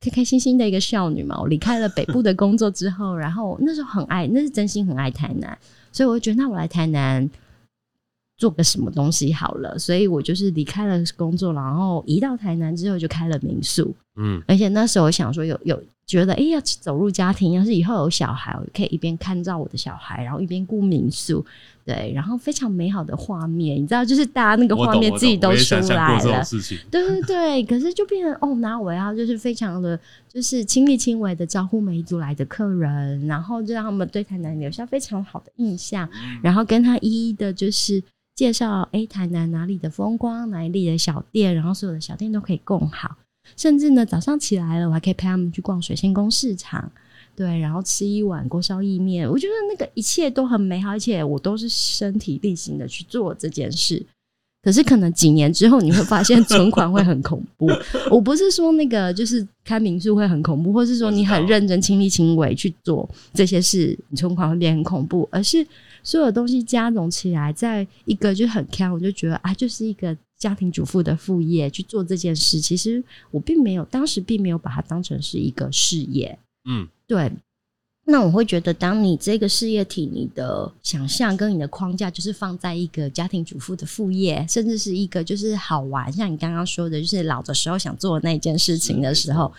S2: 開開心心的一個少女嘛，我離開了北部的工作之後， 然後那時候很愛，那是真心很愛台南，所以我就覺得那我來台南做個什麼東西好了，所以我就是離開了工作，然後一到台南之後就開了民宿，嗯，而且那時候我想說有有。覺得哎，要走入家庭，要是以後有小孩，我可以一邊看照我的小孩，然後一邊顧民宿，對，然後非常美好的畫面，你知道，就是大家那個畫面自己都出來了，對 對對。可是就變成哦，那我要就是非常的就是親力親為的招呼每一組來的客人，然後就讓他們對台南留下非常好的印象，然後跟他一一的，就是介紹哎，台南哪裡的風光，哪裡的小店，然後所有的小店都可以共好。甚至呢，早上起來了，我還可以陪他們去逛水仙宮市場，對，然後吃一碗鍋燒意麵。我覺得那個一切都很美好，而且我都是身體力行的去做這件事。可是可能幾年之後，你會發現存款會很恐怖。 我不是說那個就是開民宿會很恐怖，或是說你很認真親力親為去做這些事，你存款會變很恐怖，而是所有東西加總起來，在一個就很開，我就覺得啊，就是一個。家庭主婦的副業去做這件事，其實我並沒有，當時並沒有把它當成是一個事業。嗯，對。那我會覺得，當你這個事業體，你的想象跟你的框架，就是放在一個家庭主婦的副業，甚至是一個就是好玩，像你剛剛說的，就是老的時候想做的那件事情的時候，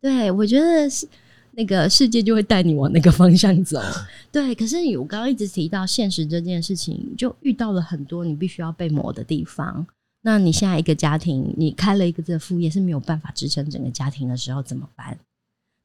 S2: 嗯、對我覺得是那個世界就會帶你往那個方向走。嗯、對，可是我剛剛一直提到現實這件事情，就遇到了很多你必須要被磨的地方。那你現在一個家庭，你開了一個這個副業是沒有辦法支撐整個家庭的時候怎麼辦？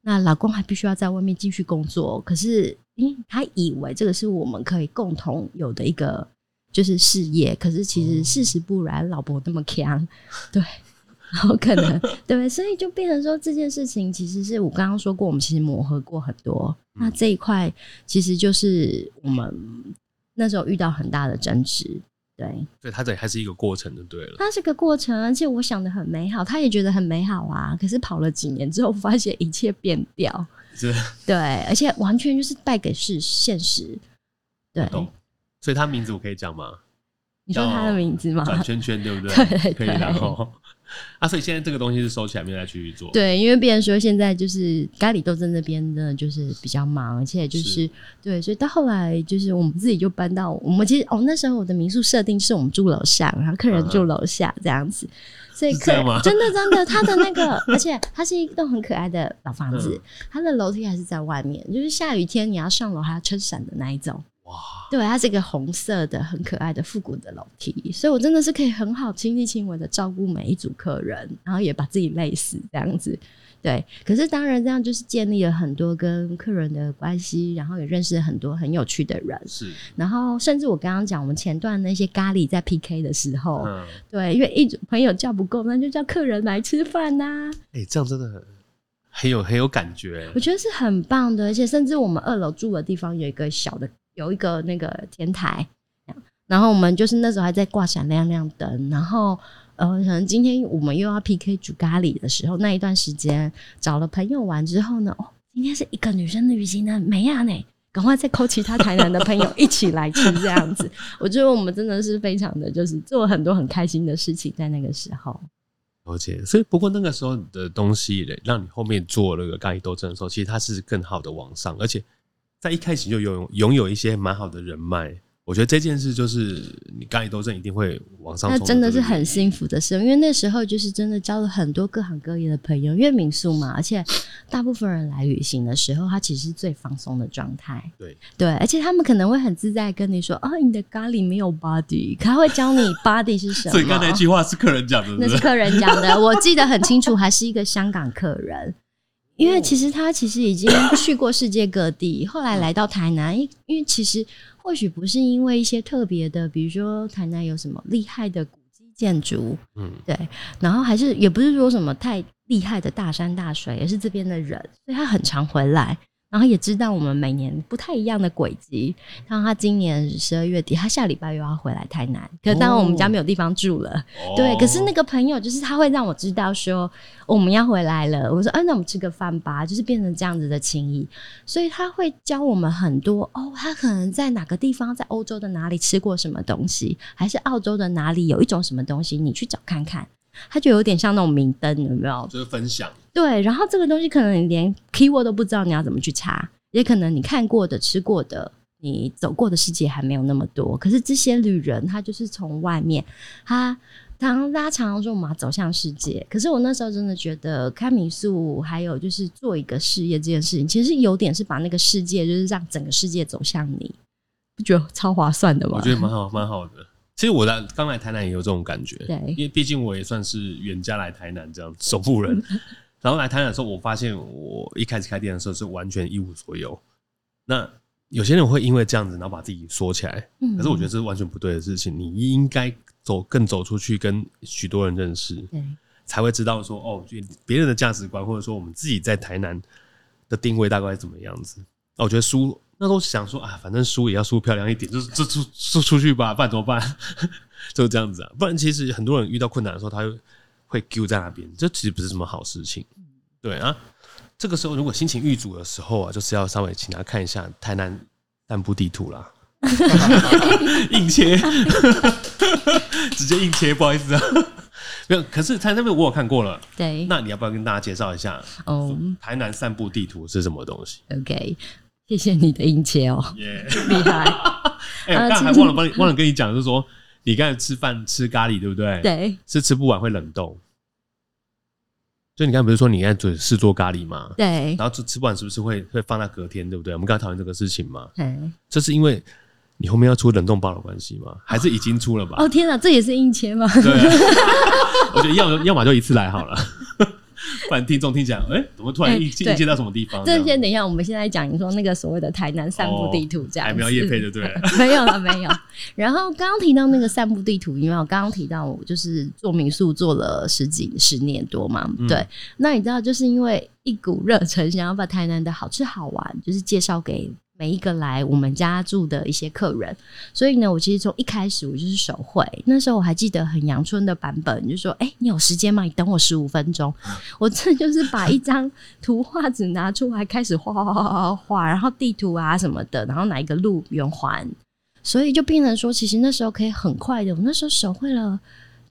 S2: 那老公還必須要在外面繼續工作，可是，因、欸、他以為這個是我們可以共同有的一個就是事業，可是其實事實不然。嗯、老婆那麼強，對， 然後可能對，所以就變成說這件事情，其實是我剛剛說過，我們其實磨合過很多，那這一塊其實就是我們那時候遇到很大的爭執。
S3: 對，所以他這還是一個過程，就對了。他
S2: 是個過程，而且我想的很美好，他也覺得很美好啊。可是跑了幾年之後，我發現一切變掉。是，對，而且完全就是敗給是現實。 對，
S3: 所以他名字我可以講嗎？ 你說他的名字嗎？哦、轉圈圈，對不對？可 以然後啊，所以現在這個東西是收起來，沒有再繼續做。對，因為
S2: 別人說現在就是咖哩鬥陣那邊的就是比較忙，而且就是，是對，所以到後來就是我們自己就搬到我們其實哦那時候我的民宿設定是我們住樓上，然後客人住樓下這樣子。嗯、所以客真的真的，他的那個， 而且它是一棟很可愛的老房子，它、嗯、的樓梯還是在外面，就是下雨天你要上樓還要撐傘的那一種。哇，對，它是一個紅色的、很可愛的復古的樓梯，所以，我真的是可以很好親力親為的照顧每一組客人，然後也把自己累死這樣子。對，可是當然這樣就是建立了很多跟客人的關係，然後也認識了很多很有趣的人。是，然後甚至我剛剛講我們前段那些咖喱在 PK 的時候，嗯、對，因為一組朋友叫不夠，那就叫客人來吃飯吶、啊。
S3: 哎、欸，這樣真的很很有很有感覺，我覺
S2: 得是很棒的。而且，甚至我們二樓住的地方有一個小的。有一個那個天台，然後我們就是那時候還在掛閃亮亮燈，然後呃，可能今天我們又要 PK 煮咖喱的時候，那一段時間找了朋友玩之後呢、哦，今天是一個女生旅行呢沒啊捏，趕、啊、快再 call 其他台南的朋友一起來吃這樣子。 我覺得我們真的是非常的就是做很多很開心的事情，在那個時候，
S3: 而且所以不過那個時候的東西嘞，讓你後面做那個咖喱鬥陣的時候，其實它是更好的往上，而且。他一開始就擁擁有一些蠻好的人脈，我覺得這件事就是你咖喱鬥陣，一定會往上走對對。那真的是很
S2: 幸福的事，因為那時候就是真的交了很多各行各業的朋友，因為民宿嘛，而且大部分人來旅行的時候，他其實是最放鬆的狀態。對對，而且他們可能會很自在跟你說哦、啊，你的咖喱沒有 body，可他會教你 body 是什麼。 所以剛才那一句
S3: 話是客人講的， 那是客人
S2: 講的， 我記得很清楚，還是一個香港客人。因為其實他其實已經去過世界各地，嗯、後來來到台南，因因為其實或許不是因為一些特別的，比如說台南有什麼厲害的古建築，嗯，對，然後還是也不是說什麼太厲害的大山大水，而是這邊的人，所以他很常回來。然後也知道我們每年不太一樣的軌跡。然後他今年十二月底，他下禮拜又要回來台南。可是當然我們家沒有地方住了，哦，對。可是那個朋友就是他會讓我知道說，哦、我們要回來了。我說，哎，那我們吃個飯吧，就是變成這樣子的情誼。所以他會教我們很多哦，他可能在哪個地方，在歐洲的哪裡吃過什麼東西，還是澳洲的哪裡有一種什麼東西，你去找看看。它就有點像那種明燈，有沒有？就
S3: 是分享。
S2: 對，然後這個東西可能你連 keyword 都不知道，你要怎麼去查？也可能你看過的、吃過的、你走過的世界還沒有那麼多。可是這些旅人，他就是從外面，他常大家常，常說嘛，走向世界。可是我那時候真的覺得開民宿，還有就是做一個事業這件事情，其實有點是把那個世界，就是讓整個世界走向你，不覺得超划算的嗎？我覺得蠻
S3: 好，蠻好的。其實我在剛來台南也有這種感覺，對，因為畢竟我也算是遠嫁來台南這樣守護人、嗯。然後來台南的時候，我發現我一開始開店的時候是完全一無所有。那有些人會因為這樣子，然後把自己縮起來、嗯。可是我覺得這是完全不對的事情。你應該走更走出去，跟許多人認識，對，才會知道說哦，就別人的價值觀，或者說我們自己在台南的定位大概怎麼樣子。我覺得書。那時候想說啊，反正輸也要輸漂亮一點，就就出出出去吧，不然怎麼辦？ 就這樣子啊。不然其實很多人遇到困難的時候，他會揪在那邊，這其實不是什麼好事情。對啊，這個時候如果心情鬱卒的時候啊，就是要稍微請他看一下台南散步地圖啦，硬切，直接硬切，不好意思啊。 沒有，可是台南那邊我有看過了。對，那你要不要跟大家介紹一下？哦、oh.，台南散步地圖是什麼東西
S2: ？OK。謝謝你的硬切哦、yeah，
S3: 厲害！哎，我剛才忘了幫你，忘了跟你講，就是說你剛才吃飯吃咖喱，對不對？對，是吃不完會冷凍。就你剛才不是說你應該是做咖喱嘛？對。然後吃吃不完是不是會會放在隔天，對不對？我們剛才討論這個事情嘛。對。這是因為你後面要出冷凍包的關係嗎？還是已經出了吧？哦
S2: 天哪、啊，這也是硬切嗎？
S3: 對。 我覺得要要麼就一次來好了。 不然聽眾聽講，哎、欸，怎麼突然一進接到什麼地方這？對，先
S2: 等一下，我們現在講，你說那個所謂的台南散步地圖這樣子，哦、還沒有業配就對了。 了。沒有了沒有。 然後剛剛提到那個散步地圖，因為我剛剛提到就是做民宿做了十幾十年多嘛，對，嗯、那你知道就是因為一股熱忱，想要把台南的好吃好玩就是介紹給。每一個來我們家住的一些客人，所以呢，我其實從一開始我就是手繪。那時候我還記得很陽春的版本，就說：“哎、欸，你有時間嗎？你等我十五分鐘。 ”我這就是把一張圖畫紙拿出來，開始畫畫畫畫，然後地圖啊什麼的，然後哪一個路圓環，所以就變成說，其實那時候可以很快的。我那時候手繪了。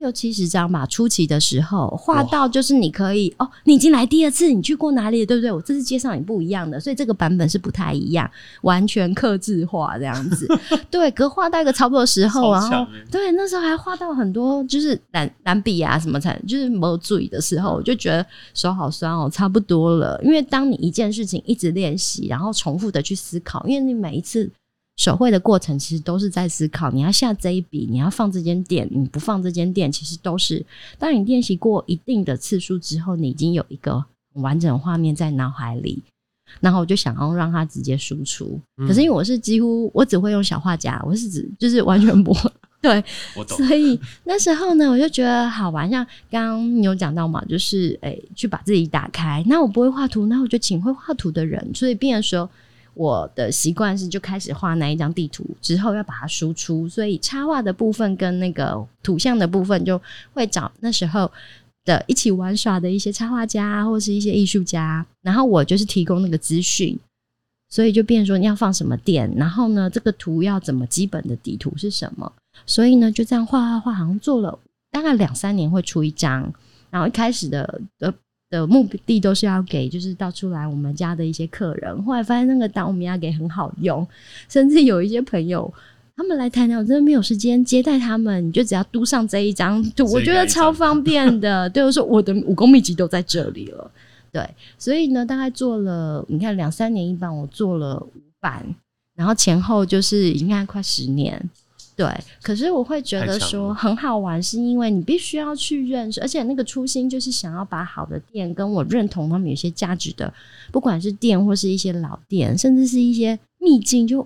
S2: 六七十張吧，初期的時候畫到就是你可以哦，你已經來第二次，你去過哪裡了，對不對？我這次介紹你不一樣的，所以這個版本是不太一樣，完全客製化這樣子。 對，隔畫到一個差不多的時候，欸、然後對那時候還畫到很多就是藍藍筆啊什麼才，就是沒有注意的時候，我、嗯、就覺得手好酸哦、喔，差不多了。因為當你一件事情一直練習，然後重複的去思考，因為你每一次。手繪的過程其實都是在思考，你要下這一筆，你要放這間店，你不放這間店，其實都是。當你練習過一定的次數之後，你已經有一個完整的畫面在腦海裡，然後我就想要讓它直接輸出、嗯。可是因為我是幾乎我只會用小畫家，我是指就是完全不會 對，所以那時候呢，我就覺得好玩，像剛剛你有講到嘛，就是哎、欸，去把自己打開。那我不會畫圖，那我就請會畫圖的人。所以變的時候。我的習慣是就開始畫那一張地圖之後要把它輸出，所以插畫的部分跟那個圖像的部分就會找那時候的一起玩耍的一些插畫家或是一些藝術家，然後我就是提供那個資訊，所以就變成說你要放什麼點，然後呢，這個圖要怎麼基本的地圖是什麼，所以呢就這樣畫畫畫，好像做了大概兩三年會出一張，然後一開始的的目的都是要給，就是到出來我們家的一些客人。後來發現那個當我們家給很好用，甚至有一些朋友他們來台南，我真的沒有時間接待他們，你就只要嘟上這一張，就、嗯、我覺得超方便的。一一對我說我的武功秘籍都在這裡了，對，所以呢，大概做了，你看兩三年一版，我做了五版，然後前後就是應該快十年。對，可是我會覺得說很好玩，是因為你必須要去認識，而且那個初心就是想要把好的店跟我認同他們有些價值的，不管是店或是一些老店，甚至是一些秘境，就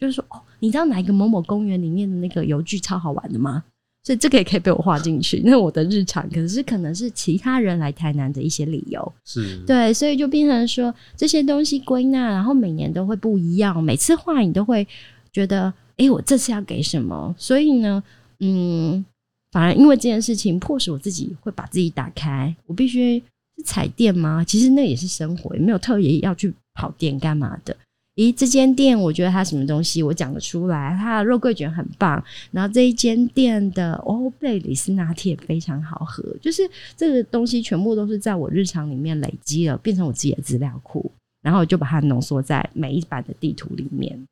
S2: 就是說，哦，你知道哪一個某某公園裡面的那個遊具超好玩的嗎？所以這個也可以被我畫進去， 那我的日常。可是可能是其他人來台南的一些理由，是對，所以就變成說這些東西歸納，然後每年都會不一樣，每次畫你都會覺得。以、欸、我這次要給什麼？所以呢，嗯，反而因為這件事情，迫使我自己會把自己打開。我必須是踩店嗎？其實那也是生活，也沒有特別要去跑店幹嘛的。咦，這間店我覺得它什麼東西我講得出來，它的肉桂卷很棒。然後這一間店的歐貝里斯拿鐵非常好喝，就是這個東西全部都是在我日常裡面累積了，變成我自己的資料庫，然後就把它濃縮在每一版的地圖裡
S3: 面。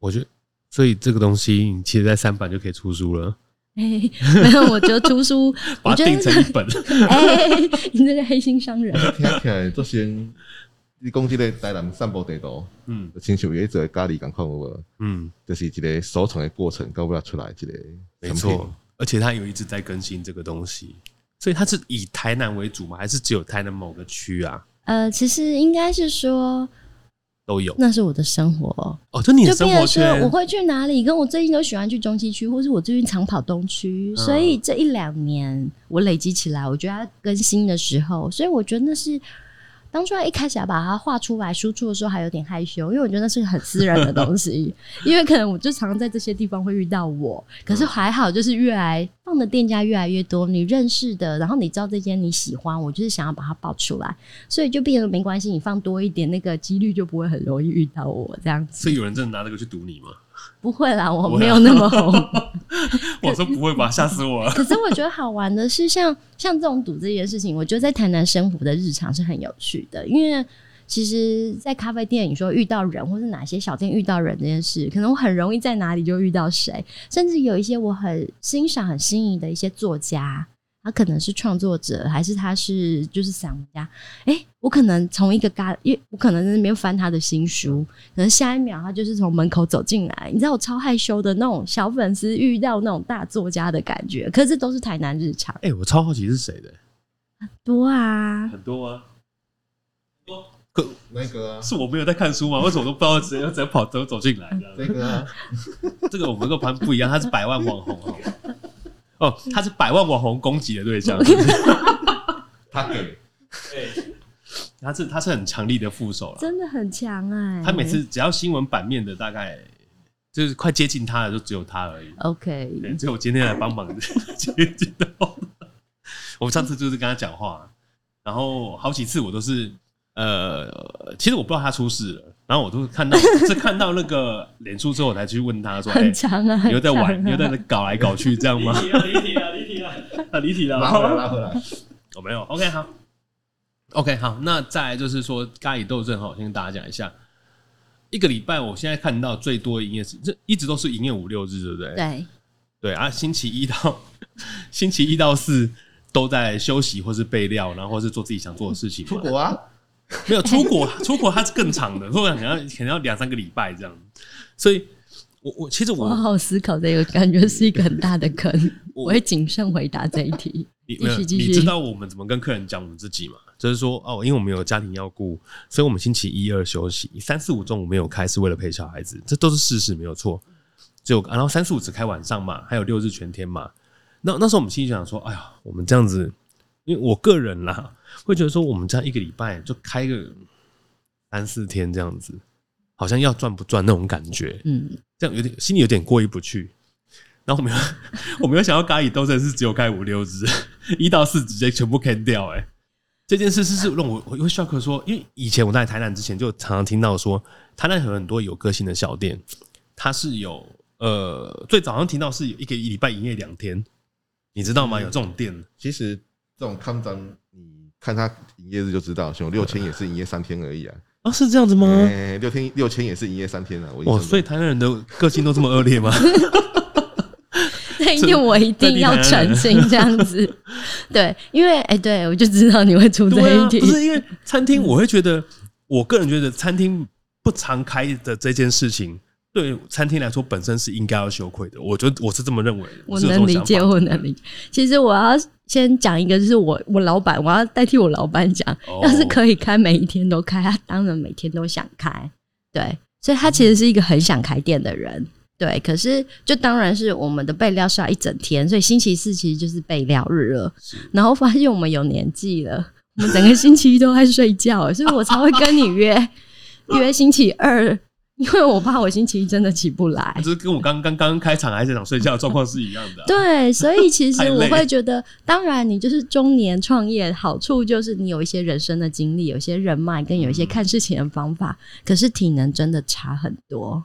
S3: 我覺得。所以這個東西，其實在三版就可以出書
S2: 了，欸。哎，然後我覺得出書， 把它定成一本， 欸。哎， 你這個黑心商人
S1: 聽聽。聽起來，先，你講這個台南散步地圖，嗯，親手也做家裡監控，嗯，就是這個收藏的過程，要不要出來？這個沒錯。
S3: 而且他有一直在更新這個東西，所以他是以台南為主嗎，還是只有台南某個區啊？
S2: 呃，其實應該是說。
S3: 那是我的生活哦，就你就變成說，我
S2: 會去哪裡？跟我最近都喜歡去中西區，或是我最近常跑東區，所以這一兩年我累積起來，我覺得它更新的時候，所以我覺得那是。當初一開始要把它畫出來輸出的時候還有點害羞，因為我覺得那是個很私人的東西。 因為可能我就常常在這些地方會遇到我，可是還好，就是越來放的店家越來越多，你認識的，然後你知道這間你喜歡，我就是想要把它爆出來，所以就變得沒關係。你放多一點，那個幾率就不會很容易遇到我這樣
S3: 子。所以有人真的拿這個去堵你嗎？
S2: 不會啦，我沒有那麼紅。
S3: 我說不會吧，嚇死我了。 可
S2: 是我覺得好玩的是像，像像這種賭這件事情，我覺得在台南生活的日常是很有趣的。因為其實，在咖啡店，你說遇到人，或是哪些小店遇到人這件事，可能我很容易在哪裡就遇到誰，甚至有一些我很欣賞、很心儀的一些作家。他可能是創作者，還是他是就是想家？哎、欸，我可能從一個咖，因為我可能在那邊翻他的新書，可能下一秒他就是從門口走進來。你知道，我超害羞的那種小粉絲遇到那種大作家的感覺。可是這都是台南日常。哎、
S3: 欸，我超好奇是誰的。很多啊。
S2: 很多啊，
S3: 多。那個、啊、是我沒有在看書嗎？為什麼我都不知道誰 要怎樣跑怎麼走走進來
S1: 的、啊？那、
S3: 啊、 這個我們跟潘不一樣，他是百萬網紅、哦，好 哦，他是百萬網紅攻擊的對象， 他可以，對，他是他是很強力的副手了，真
S2: 的很強哎、欸。他每次
S3: 只要新聞版面的，大概就是快接近他的就只有他而已。OK，只有我今天來幫忙接 近 我上次就是跟他講話，然後好幾次我都是，呃，其實我不知道他出事了。然後我都看到 是看到那個臉書之後，我才去問他說：“哎、
S2: 欸，你又在玩？你又在那
S3: 搞來搞去這樣嗎？”離題了，離題了，離題了、， 啊、了。拿回來拿回來。有沒有。 OK，好。OK，好。那再來就是說，咖哩鬥陣哈，我先跟大家講一下。一個禮拜，我現在看到最多營業日，這一直都是營業五六日，對不對，
S2: 對？
S3: 對。啊，星期一到星期一到四都在休息或是備料，然後或是做自己想做的事情。出國啊。沒有出國，欸、出國它是更長的，可能可能可能要兩三個禮拜這樣。所以，我我其實我，我好
S2: 思考的，有感覺是一個很大的坑， 我，我會謹慎回答這一題你。你
S3: 知道我們怎麼跟客人講我們自己嗎？就是說哦，因為我們有家庭要顧，所以我們星期一二休息，三四五中午沒有開，是為了陪小孩子，這都是事實，沒有錯。就、啊、然後三四五只開晚上嘛，還有六日全天嘛。那那時候我們心裡想說，哎呀，我們這樣子，因為我個人啦。會覺得說，我們家一個禮拜就開個三四天這樣子，好像要賺不賺那種感覺，嗯，這樣有點心裡有點過意不去。然後我們又， 我們又想要咖哩鬥陣真的是只有開五六只，一到四直接全部砍掉、欸。哎，這件事是是讓我我笑可說，因為以前我在台南之前就常常聽到說，台南有很多有個性的小店，它是有呃最早上聽到是有一個一禮拜營業
S1: 兩天，你知道嗎？嗯、有這種店，其實這種康戰看他營業日就知道，有六千也是營業三天而已啊！
S3: 哦，是這樣子嗎？
S1: 六天六千也是營業三天、啊、了，我哇！所
S3: 以台灣人的個性都這麼惡劣嗎？一 定 我一定要澄清這樣
S2: 子， 對，因為，哎、欸，對，我就知道你會出這一題，啊、不是因為
S3: 餐廳，我會覺得，我個人覺得餐廳不常開的這件事情。對餐廳來說，本身是應該要羞愧的。我覺得我是這麼認為的。我是有這種想法的。我能理解，我能
S2: 理解。其實我要先講一個，就是我我老闆，我要代替我老闆講。Oh, 要是可以開每一天都開，他當然每天都想開。對，所以他其實是一個很想開店的人。對，可是就當然是我們的備料需要一整天，所以星期四其實就是備料日了。然後發現我們有年紀了，我們整個星期一都在睡覺， 所以我才會跟你約 約星期二。因為我怕我星期一真的起不來，啊、
S3: 就是跟我剛剛剛開場還是想睡覺的狀況是一
S2: 樣的。 對，所以其實我會覺得，當然你就是中年創業，好處就是你有一些人生的經歷，有一些人脈，跟有一些看事情的方法，嗯。可是體能真的差很多，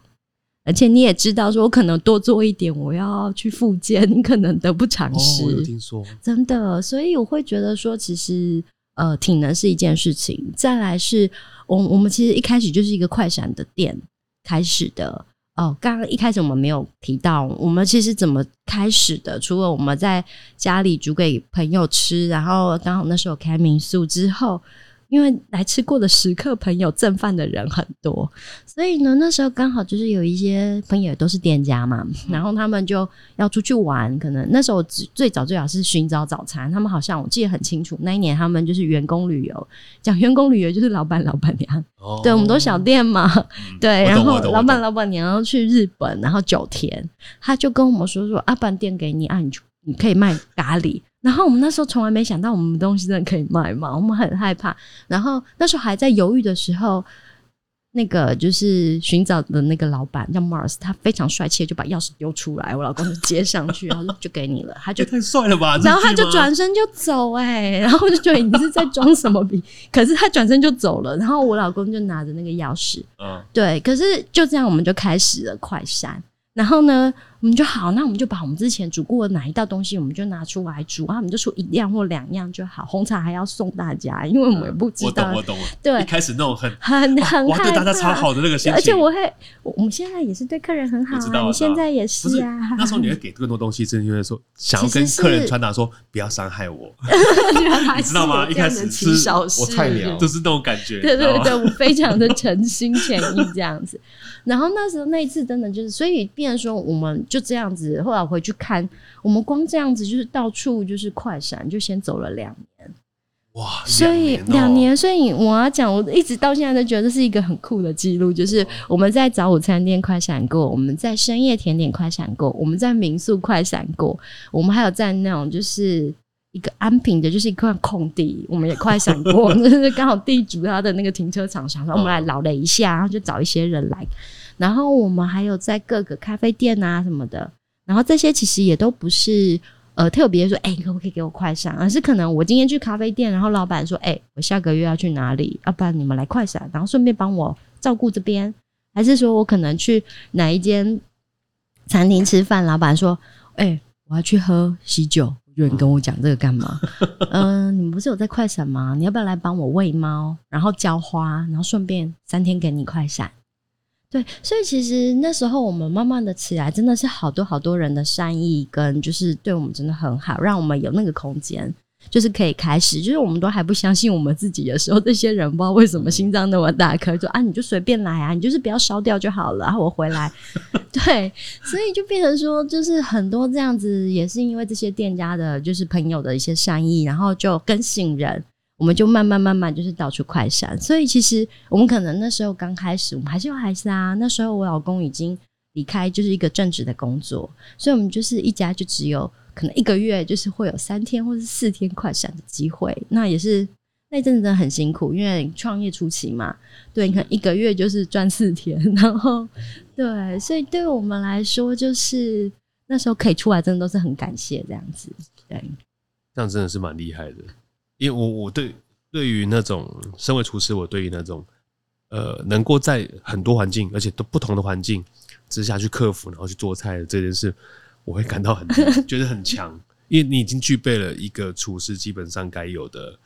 S2: 而且你也知道，說我可能多做一點，我要去復健，你可能得不償失。哦，我有聽說。真的，所以我會覺得說，其實呃，體能是一件事情。再來是我我們其實一開始就是一個快閃的店。開始的哦，剛剛一開始我們沒有提到，我們其實怎麼開始的？除了我們在家裡煮給朋友吃，然後剛好那時候開民宿之後。因為來吃過的食客朋友贈飯的人很多，所以呢，那時候剛好就是有一些朋友都是店家嘛，然後他們就要出去玩，嗯、可能那時候只最早最早是尋找早餐。他們好像我記得很清楚，那一年他們就是員工旅遊，講員工旅遊就是老板老板娘，哦，對，我們都小店嘛，嗯，對，然後老板老板娘去日本，然後酒田，他就跟我們說說啊，把店給你，啊，你你可以賣咖喱。 然後我們那時候從來沒想到我們東西真的可以賣嘛，我們很害怕。然後那時候還在猶豫的時候，那個就是尋找的那個老闆叫 Mars，他非常帥氣，就把鑰匙丟出來，我老公就接上去， 然後就給你了。他就太帥了吧！然後他就轉身就走哎、欸， 然後就覺得你是在裝什麼逼，可是他轉身就走了。然後我老公就拿着那個鑰匙，嗯，對。可是就這樣，我們就開始了快閃。然後呢？我們就好，那我們就把我們之前煮過的哪一道東西，我們就拿出來煮啊，然後我們就說一樣或兩樣就好。紅茶還要送大家，因為我們也不知道、嗯。我懂
S3: 我懂了。對，一開始那種很很很、啊、我對大家超好的那個想法。而且
S2: 我會，我們現在也是對客人很好、啊。我知道、啊，你現在也是啊是。那時候你
S3: 會給更多東西，是因為說想要跟客人傳達說不要傷害我， 你知
S2: 道嗎？一開始吃我菜鳥就是
S3: 那種感覺，對對對，對， 我
S2: 非常的誠心誠意這樣子。然後那時候那一次真的就是，所以變成說我們。就這樣子，後來我回去看，我們光這樣子就是到處就是快閃，就先走了兩年。哇！所以，兩年、喔、兩年，所以我要講，我一直到現在都覺得這是一個很酷的記錄，就是我們在早午餐店快閃過，我們在深夜甜點快閃過，我們在民宿快閃過，我們還有在那種就是一個安平的，就是一塊空地，我們也快閃過， 就是剛好地主他的那個停車場，想說我們來老了一下，然、嗯、後就找一些人來。然後我們還有在各個咖啡店啊什麼的，然後這些其實也都不是呃特別說，哎，可不可以給我快閃？而是可能我今天去咖啡店，然後老闆說，哎，我下個月要去哪裡？要不然你們來快閃，然後順便幫我照顧這邊，還是說我可能去哪一間餐廳吃飯，老闆說，哎，我要去喝喜酒，有人跟我講這個幹嘛？嗯，你們不是有在快閃嗎？你要不要來幫我餵貓，然後澆花，然後順便三天給你快閃？對，所以其實那時候我們慢慢的起來，真的是好多好多人的善意，跟就是對我們真的很好，讓我們有那個空間，就是可以開始。就是我們都還不相信我們自己的時候，這些人不知道為什麼心臟那麼大可以說，啊你就隨便來啊，你就是不要燒掉就好了。然後我回來， 對，所以就變成說，就是很多這樣子，也是因為這些店家的，就是朋友的一些善意，然後就更信任。我們就慢慢慢慢就是到處快閃，所以其實我們可能那時候剛開始，我們還是有孩子啊。那時候我老公已經離開，就是一個正職的工作，所以我們就是一家就只有可能一個月就是會有三天或是四天快閃的機會。那也是那陣子真的很辛苦，因為創業初期嘛。對，你看一個月就是賺四天，然後對，所以對我們來說，就是那時候可以出來，真的都是很感謝這樣子。對，
S3: 這樣真的是蠻厲害的。因為我我對對於那種身為廚師，我對於那種，那種呃，能夠在很多環境，而且都不同的環境之下去克服，然後去做菜的這件事，我會感到很覺得、就是、很強， 因為你已經具備了一個廚師基本上該有的。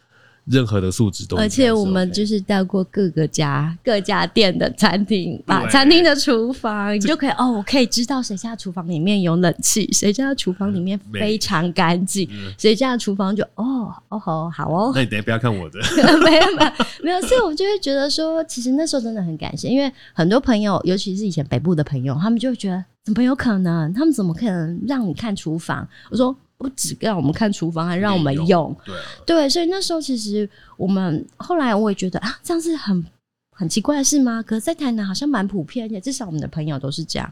S3: 任何的素質都、OK，而且
S2: 我們就是到過各個家、各家店的餐廳，把餐廳的廚房，你就可以哦，我可以知道誰家廚房裡面有冷氣，誰家廚房裡面非常乾淨，誰、嗯、家廚房就哦哦吼好，好哦。那你等一
S3: 下不要看我
S2: 的， 沒有沒有，所以我就會覺得說，其實那時候真的很感謝，因為很多朋友，尤其是以前北部的朋友，他們就會覺得怎麼有可能，他們怎麼可能讓你看廚房、嗯？我說。不只讓我們看廚房，還讓我們用，用對。對，所以那時候其實我們後來我也覺得啊，這樣是很很奇怪，是嗎？可是在台南好像蠻普遍，至少我們的朋友都是這樣。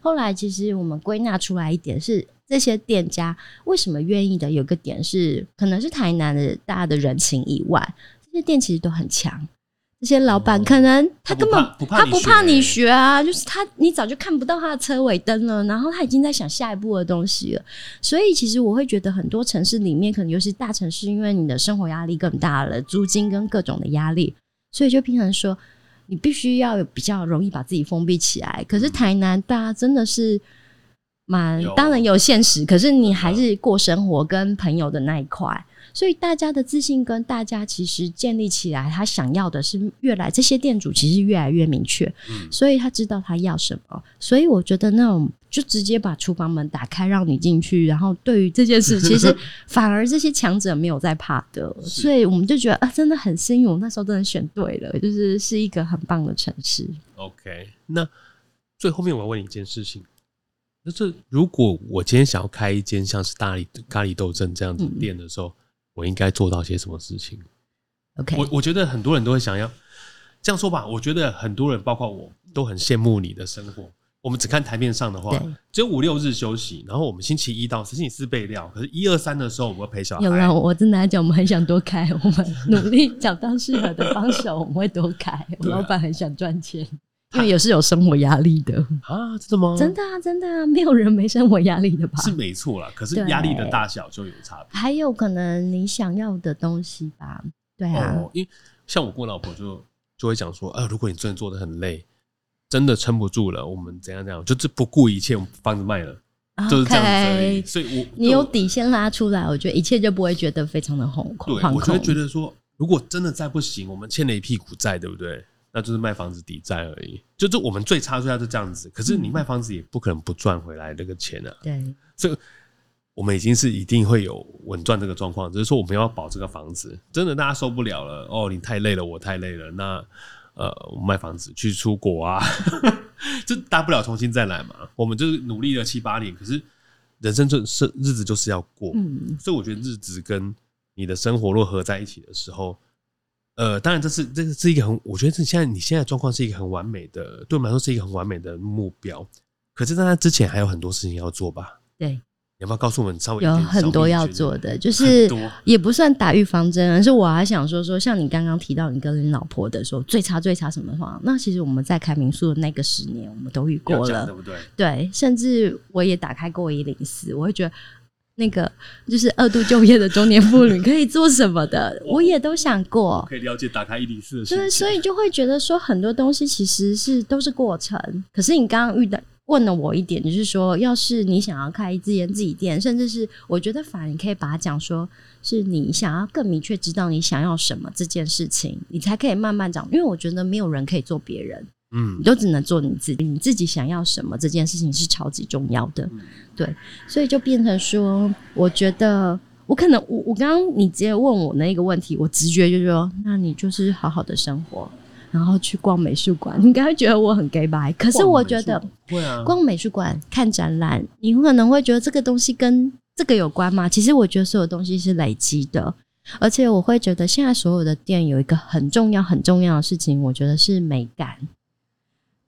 S2: 後來其實我們歸納出來一點是，這些店家為什麼願意的，有個點是，可能是台南的大家的人情以外，這些店其實都很強。這些老闆可能他根本他不怕你學啊，就是他你早就看不到他的車尾燈了，然後他已經在想下一步的東西了。所以其實我會覺得很多城市裡面，可能尤其大城市，因為你的生活壓力更大了，租金跟各種的壓力，所以就平衡說你必須要有比較容易把自己封閉起來。可是台南大家真的是蠻，當然有現實，可是你還是過生活跟朋友的那一塊。所以大家的自信跟大家其實建立起來，他想要的是越來，這些店主其實越來越明確，嗯，所以他知道他要什麼。所以我覺得那種就直接把廚房門打開讓你進去，然後對於這件事，其實反而這些強者沒有在怕的。 所以我們就覺得啊，真的很幸運，我那時候真的選對了，就是是一個很棒的城市。
S3: OK，那最後面我要問你一件事情，就是如果我今天想要開一間像是咖哩咖哩鬥陣這樣子店的時候。嗯我應該做到些什麼事情？OK，我我覺得很多人都會想要這樣說吧。我覺得很多人，包括我，都很羨慕你的生活。我們只看台面上的話，只有五六日休息，然後我們星期一到星期四備料。可是，一二三的時候，我們會陪小孩。有啊，我
S2: 真的講，我們很想多開，我們努力找到適合的幫手，我們會多開。我們老闆很想賺錢。因為也是有生活壓力的啊，真的嗎？真的啊，真的啊，沒有人沒生活壓力的吧？是沒
S3: 錯啦，可是壓力的大小就有差
S2: 別。還有可能你想要的東西吧？對啊，哦、因為
S3: 像我跟我老婆就就會講說，啊、呃，如果你真的做得很累，真的撐不住了，我們怎樣怎樣，就是不顧一切，房子賣了，okay, 就是這樣子。所以我，我你有
S2: 底線拉出來，我覺得一切就不會覺得非常的惶恐。對，我就會覺得
S3: 說，如果真的再不行，我們欠了一屁股債，對不對？那就是賣房子抵債而已，就是我們最差最差就這樣子。可是你賣房子也不可能不賺回來那個錢啊。對，所以我們已經是一定會有穩賺這個狀況。只是說我們要保這個房子，真的大家受不了了哦、喔，你太累了，我太累了。那呃，我賣房子去出國啊，就大不了重新再來嘛。我們就是努力了七八年，可是人生就是日子就是要過。嗯，所以我覺得日子跟你的生活若合在一起的時候。呃，當然，這是這是一個很，我覺得這現在你現在狀況是一個很完美的，對我們來說是一個很完美的目標。可是，在那之前還有很多事情要做吧？
S2: 對，有
S3: 沒有告訴我們稍微，有很，稍微有很多要做
S2: 的，就是也不算打預防針，而是我還想說說，像你剛剛提到你跟你老婆的時候，最差最差什麼話。那其實我們在開民宿的那個十年，我們都遇過了，對，對不對？對，甚至我也打開過一零四，我會覺得。那個就是二度就業的中年婦女可以做什麼的， 我也都想過。
S3: 可以了解，打開一零四的事。對、哦，所以
S2: 就會覺得說很多東西其實是 都是過程。可是你剛剛遇到問了我一點，就是說要是你想要開一間自己店，甚至是我覺得反而你可以把它講說，是你想要更明確知道你想要什麼這件事情，你才可以慢慢講。因為我覺得沒有人可以做別人。嗯，你都只能做你自己，你自己想要什麼這件事情是超級重要的，嗯、對，所以就變成說，我覺得我可能我我剛剛你直接問我那個問題，我直覺就說，那你就是好好的生活，然後去逛美術館。你應該會覺得我很 gay by，可是我覺得逛美術館看展覽，你可能會覺得這個東西跟這個有關嗎？其實我覺得所有東西是累積的，而且我會覺得現在所有的店有一個很重要很重要的事情，我覺得是美感。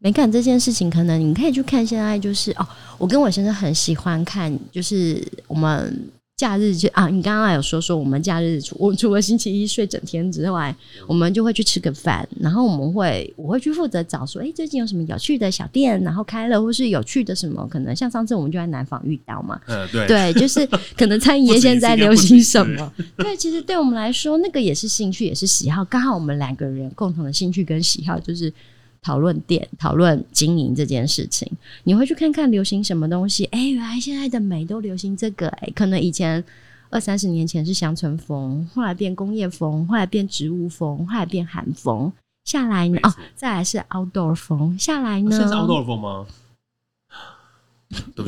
S2: 沒看這件事情，可能你可以去看。現在就是哦，我跟我先生很喜歡看，就是我們假日去啊，你剛剛有說說我們假日除我除了星期一睡整天之外，我們就會去吃個飯，然後我們會我會去負責找說，哎、欸，最近有什麼有趣的小店，然後開了或是有趣的什麼，可能像上次我們就在南方遇到嘛，嗯，對，對，就是可能餐飲業現在流行什麼？對，其實對我們來說，那個也是興趣，也是喜好。剛好我們兩個人共同的興趣跟喜好就是。討論店，討論經營這件事情，你會去看看流行什麼東西？哎、欸，原來現在的美都流行這個、欸。哎，可能以前二三十年前是鄉村風，後來變工業風，後來變植物風，後來變韓風，下來呢？哦，再來是 outdoor 風，下來呢？啊、現在是 outdoor
S3: 風嗎、哦？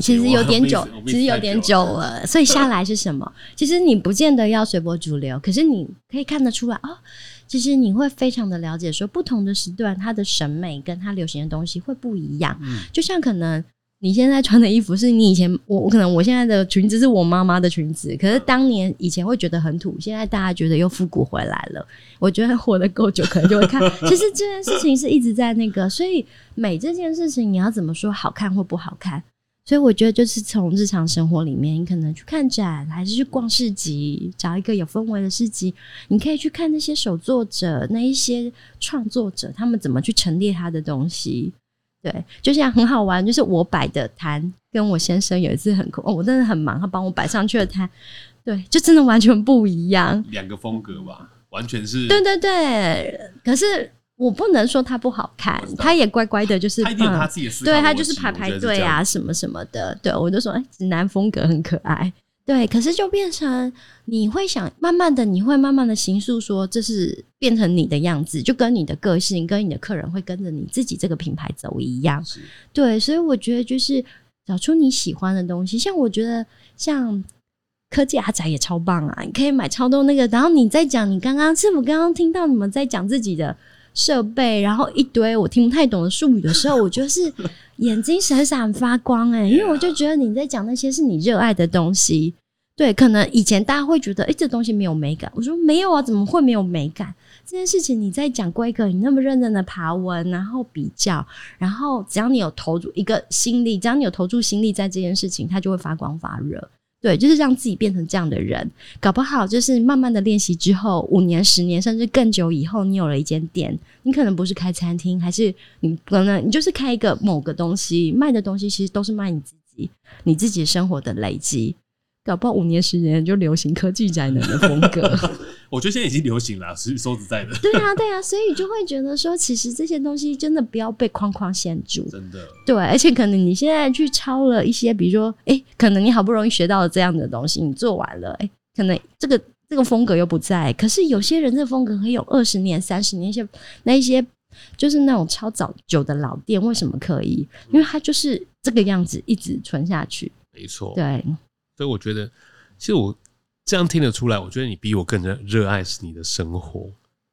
S3: 其實有點久，久，其實有點久了，所以下
S2: 來是什麼？其實你不見得要隨波逐流，可是你可以看得出來、哦其實你會非常的了解，說不同的時段，它的審美跟它流行的東西會不一樣。就像可能你現在穿的衣服是你以前，我我可能我現在的裙子是我媽媽的裙子，可是當年以前會覺得很土，現在大家覺得又復古回來了。我覺得活得夠久，可能就會看。其實這件事情是一直在那個，所以美這件事情，你要怎麼說好看或不好看？所以我覺得，就是從日常生活裡面，你可能去看展，還是去逛市集，找一個有氛圍的市集，你可以去看那些手作者、那一些創作者，他們怎麼去陳列他的東西。對，就這樣很好玩。就是我擺的攤，跟我先生有一次很酷，喔，我真的很忙，他幫我擺上去的攤， 對，就真的完全不一樣，
S3: 兩個風格吧，完全是。對對
S2: 對，可是。我不能說他不好看，他也乖乖的，就是一定自己對他就是排排隊啊，什麼什麼的。我對我就說，哎，直男風格很可愛，對。可是就變成你會想，慢慢的你會慢慢的形塑，說這是變成你的樣子，就跟你的個性，跟你的客人會跟着你自己這個品牌走一樣。對，所以我覺得就是找出你喜歡的東西，像我覺得像科技阿宅也超棒啊！你可以買超多那個。然後你在講，你剛剛是否剛剛聽到你們在講自己的？設備，然後一堆我聽不太懂的術語的時候，我就是眼睛閃閃發光哎、欸，因為我就覺得你在講那些是你熱愛的東西。對，可能以前大家會覺得，哎、欸，這東西沒有美感。我說沒有啊，怎麼會沒有美感？這件事情你在講規格，你那麼認真的、的爬文，然後比較，然後只要你有投入一個心力，只要你有投注心力在這件事情，它就會發光發熱。對，就是讓自己變成這樣的人，搞不好就是慢慢的練習之後，五年、十年甚至更久以後，你有了一間店，你可能不是開餐廳，還是你可能你就是開一個某個東西，賣的東西其實都是賣你自己，你自己生活的累積。搞不好五年十年就流行科技宅男的風格
S3: 我覺得現在已經流行了，啊，實說實在的，
S2: 對啊，對啊，所以就會覺得說，其實這些東西真的不要被框框限住。真的，對，而且可能你現在去抄了一些，比如說，哎，可能你好不容易學到了這樣的東西，你做完了，哎，可能這個這個風格又不在。可是有些人的風格可以有二十年、三十年，一些那一些就是那種超早久的老店，為什麼可以？因為它就是這個樣子一直存下去。沒錯，對。
S3: 所以我覺得，其實我這樣聽得出來，我覺得你比我更熱熱愛是你的生活。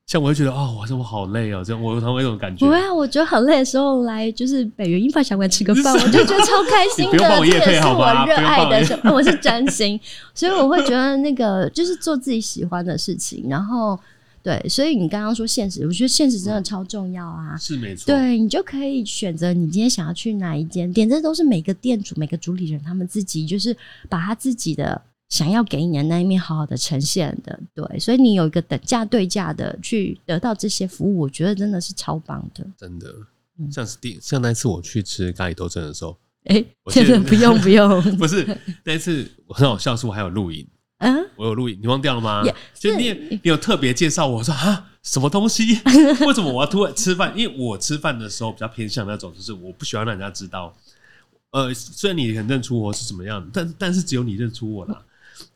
S3: 像我會覺得啊，我、喔、像我好累啊、喔，這樣我，我有那麼一種感覺。不
S2: 會 啊，我覺得很累的時候來就是北元英法小館吃個飯，我就覺得超開心的。 我這也是我熱愛的我，我是真心。 所以我會覺得那個就是做自己喜歡的事情，然後。對，所以你剛剛說現實，我覺得現實真的超重要啊！嗯、是沒錯，對，你就可以選擇你今天想要去哪一間店，這都是每個店主、每個主理人他們自己，就是把他自己的想要給你的那一面好好的呈現的。對，所以你有一個等價對價的去得到這些服務，我覺得真的是超棒的。
S3: 真的，像是第像那次我去吃咖哩鬥陣的時候，哎、
S2: 欸，我覺得不用不用， 不
S3: 是那一次，我很好笑，是我還有錄影。嗯、uh -huh.，我有錄影，你忘掉了嗎？Yeah, 就你也你有特別介紹，我說啊，什麼東西？為什麼我要突然吃飯？ 因為我吃飯的時候比較偏向那種，就是我不喜歡讓人家知道。呃，雖然你很認出我是怎麼樣，但但是只有你認出我啦。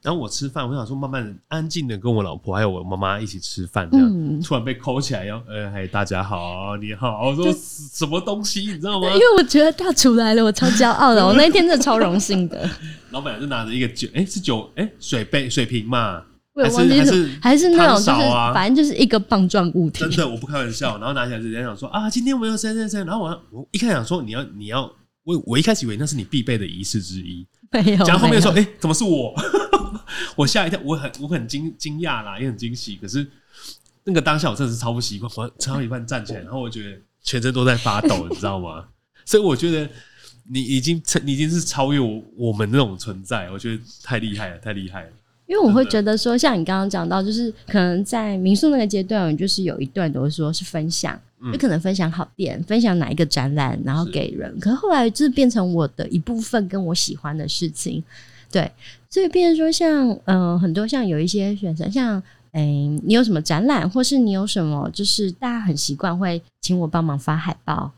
S3: 然後我吃飯，我想說慢慢的安靜的跟我老婆還有我媽媽一起吃飯，這樣、嗯、突然被摳起來，然後呃，嗨、欸，大家好，你好，我說什麼東西，你知道嗎？因為我
S2: 覺得大廚來了，我超驕傲的， 我那一天真的超榮幸的。
S3: 老闆就拿着一個酒，哎、欸，是酒，哎、欸，水杯、水瓶嘛？我忘記，還是還是還是那種，就是、啊、反
S2: 正就是一個棒狀
S3: 物體。真的，我不開玩笑。然後拿起來直接想說 啊，今天我們要三三三。然後我我一開始想說你要你要。我我一開始以為那是你必備的儀式之一沒有，然後講到後面說，哎、欸，怎麼是我？ 我嚇一跳，我很我很驚驚訝啦，也很驚喜。可是那個當下，我真的是超不習慣，我超一半站起來，然後我覺得全身都在發抖，你知道嗎？ 所以我覺得你已經成，你已經是超越我們那種存在，我覺得太厲害了，太厲害了。因
S2: 為我會覺得說，像你剛剛講到，就是可能在民宿那個階段，我們就是有一段，都是說是分享。就可能分享好店，嗯，分享哪一個展覽，然後給人。是可是後來就是變成我的一部分，跟我喜歡的事情，對。所以，變成說像，嗯、呃、很多像有一些選擇，像，誒、欸、你有什麼展覽，或是你有什麼，就是大家很習慣會請我幫忙發海報，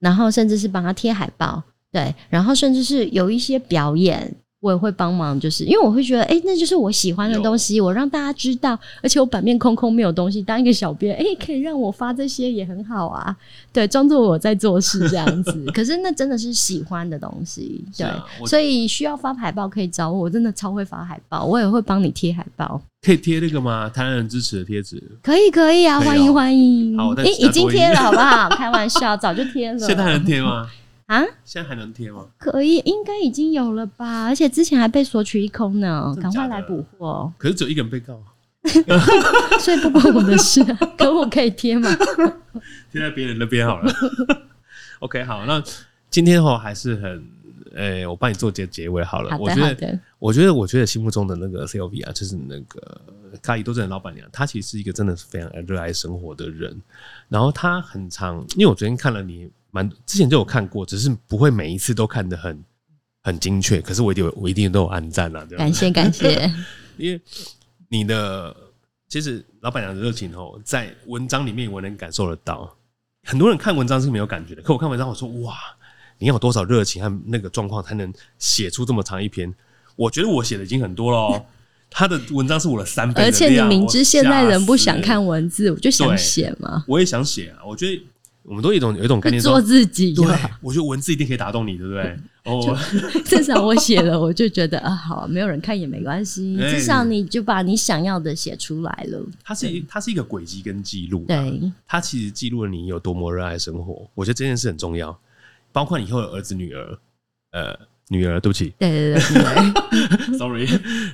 S2: 然後甚至是幫他貼海報，對，然後甚至是有一些表演，我也會幫忙，就是因為我會覺得，哎、欸，那就是我喜歡的東西，我讓大家知道，而且我版面空空沒有東西，當一個小編，哎、欸，可以讓我發這些也很好啊。對，裝作我在做事這樣子， 可是那真的是喜歡的東西，對、啊，所以需要發海報可以找我，我真的超會發海報，我也會幫你貼海報，
S3: 可以貼那個嗎？台灣人支持的貼紙，
S2: 可以可以啊，歡迎、啊、歡迎，誒、哦欸，已經貼了好不好？ 開玩笑，早就貼了，現在還能貼嗎？啊，現
S3: 在還能貼嗎？
S2: 可以，應該已經有了吧。而且之前還被索取一空呢，趕快來補貨。
S3: 可是只有一個人被告，
S2: 所以不關我的事。 可我可以貼嗎？
S3: 貼 在別人那邊好了。 OK，好，那今天的、喔、話還是很，欸、我幫你做結結尾好了。我覺得，我覺得，我覺得,我覺得心目中的那個 C O V 啊，就是那個咖哩鬥陣的老板娘，她其實是一個真的是非常熱愛生活的人。然後她很常因為我昨天看了你。蠻之前就有看過，只是不會每一次都看得很很精確。可是我一定，我一定都有按讚了。感謝，感謝，因為 你，你的其實老闆娘的熱情哦，在文章裡面我能感受得到。很多人看文章是沒有感覺的，可我看文章我說，哇，你要有多少熱情和那個狀況才能寫出這麼長一篇？我覺得我寫的已經很多了哦。 他的文章是我的三倍的，而且你明知現在人不想
S2: 看文字，我就想寫嘛。
S3: 我也想寫啊，我覺得。我們都有一種有一種概念說，做自己。啊。對，我覺得文字一定可以打動你，對不對？哦、oh.，
S2: 正常我寫了，我就覺得 啊，好，沒有人看也沒關係。欸，至少你就把你想要的寫出來了。
S3: 它是一它是一個軌跡跟記錄。啊，對，它其實記錄了你有多麼熱愛生活。我覺得這件事很重要，包括你以後的兒子女兒，呃，女兒，對不起，對
S2: 對對、對
S3: ，sorry。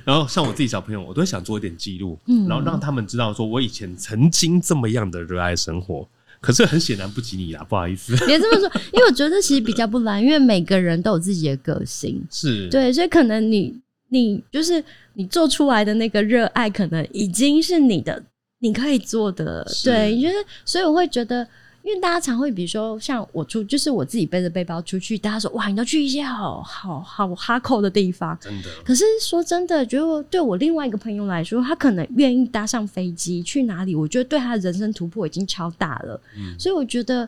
S3: 然後像我自己小朋友，我都想做一點記錄。嗯，然後讓他們知道，說我以前曾經這麼樣的熱愛生活。可是很顯然不及你啦、啊，不好意思。別這麼
S2: 說，因為我覺得這其實比較不難， 因為每個人都有自己的個性。是，對，所以可能你你就是你做出來的那個熱愛，可能已經是你的，你可以做的。對，就是所以我會覺得。因為大家常會，比如說像我出，就是我自己背着背包出去。大家說，哇，你要去一些好好好哈扣的地方，真的。可是說真的，覺得對我另外一個朋友來說，他可能願意搭上飛機去哪裡，我覺得對他的人生突破已經超大了。嗯，所以我覺得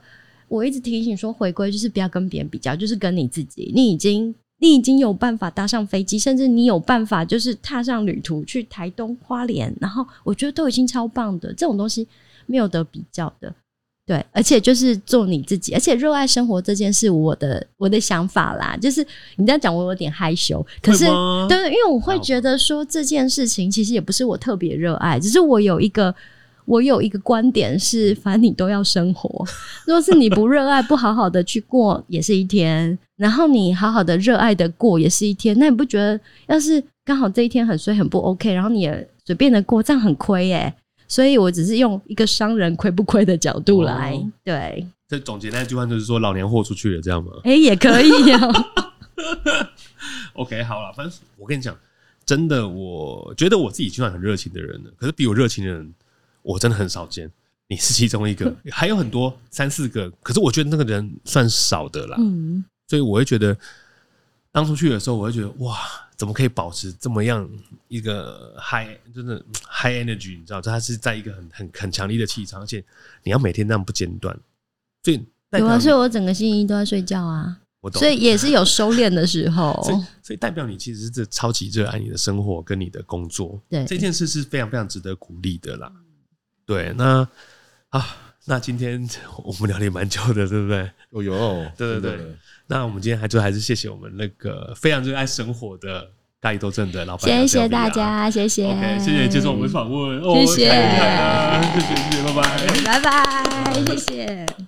S2: 我一直提醒說，回歸就是不要跟別人比較，就是跟你自己。你已經你已經有辦法搭上飛機，甚至你有辦法就是踏上旅途去台東花蓮，然後我覺得都已經超棒的。這種東西沒有得比較的。對，而且就是做你自己，而且熱愛生活這件事，我的我的想法啦，就是你這樣講，我有點害羞。可是，對，因為我會覺得說這件事情其實也不是我特別熱愛，只是我有一個我有一個觀點是，反正你都要生活，若是你不熱愛，不好好的去過也是一天， 然後你好好的熱愛的過也是一天，那你不覺得，要是剛好這一天很衰很不 OK，然後你也隨便的過，這樣很虧哎、欸。所以，我只是用一個商人虧不虧的角度來、哦、對。
S3: 這總結那一句話就是說，老年豁出去了，這樣嗎？誒、欸、也
S2: 可以呀、啊。
S3: OK，好了，反正我跟你講，真的我，我覺得我自己就算很熱情的人了，可是比我熱情的人，我真的很少見。你是其中一個，還有很多 三四個，可是我覺得那個人算少的啦。嗯，所以我會覺得當初去的時候，我會覺得哇。怎麼可以保持這麼樣一個 high 真的 high energy？你知道，它是在一個很很很強力的氣場，而且你要每天這樣不間斷，所以有啊，所
S2: 以我整個星期一都在睡覺啊。我懂，所以也是有收斂的時候 所、
S3: 所以代表你其實是超級熱愛你的生活跟你的工作，對，這件事是非常非常值得鼓勵的啦，對，那啊。那今天我們聊了也蠻久的，對不對？哦呦，哦 對對對，哦。那我們今天還就還是謝謝我們那個非常熱愛生活的咖哩鬥陣的老闆，啊。謝謝大
S2: 家，謝謝。
S3: Okay, 謝謝接受我們的訪問，哦。謝謝凱凱謝謝謝謝，拜拜，拜拜，
S2: 謝謝。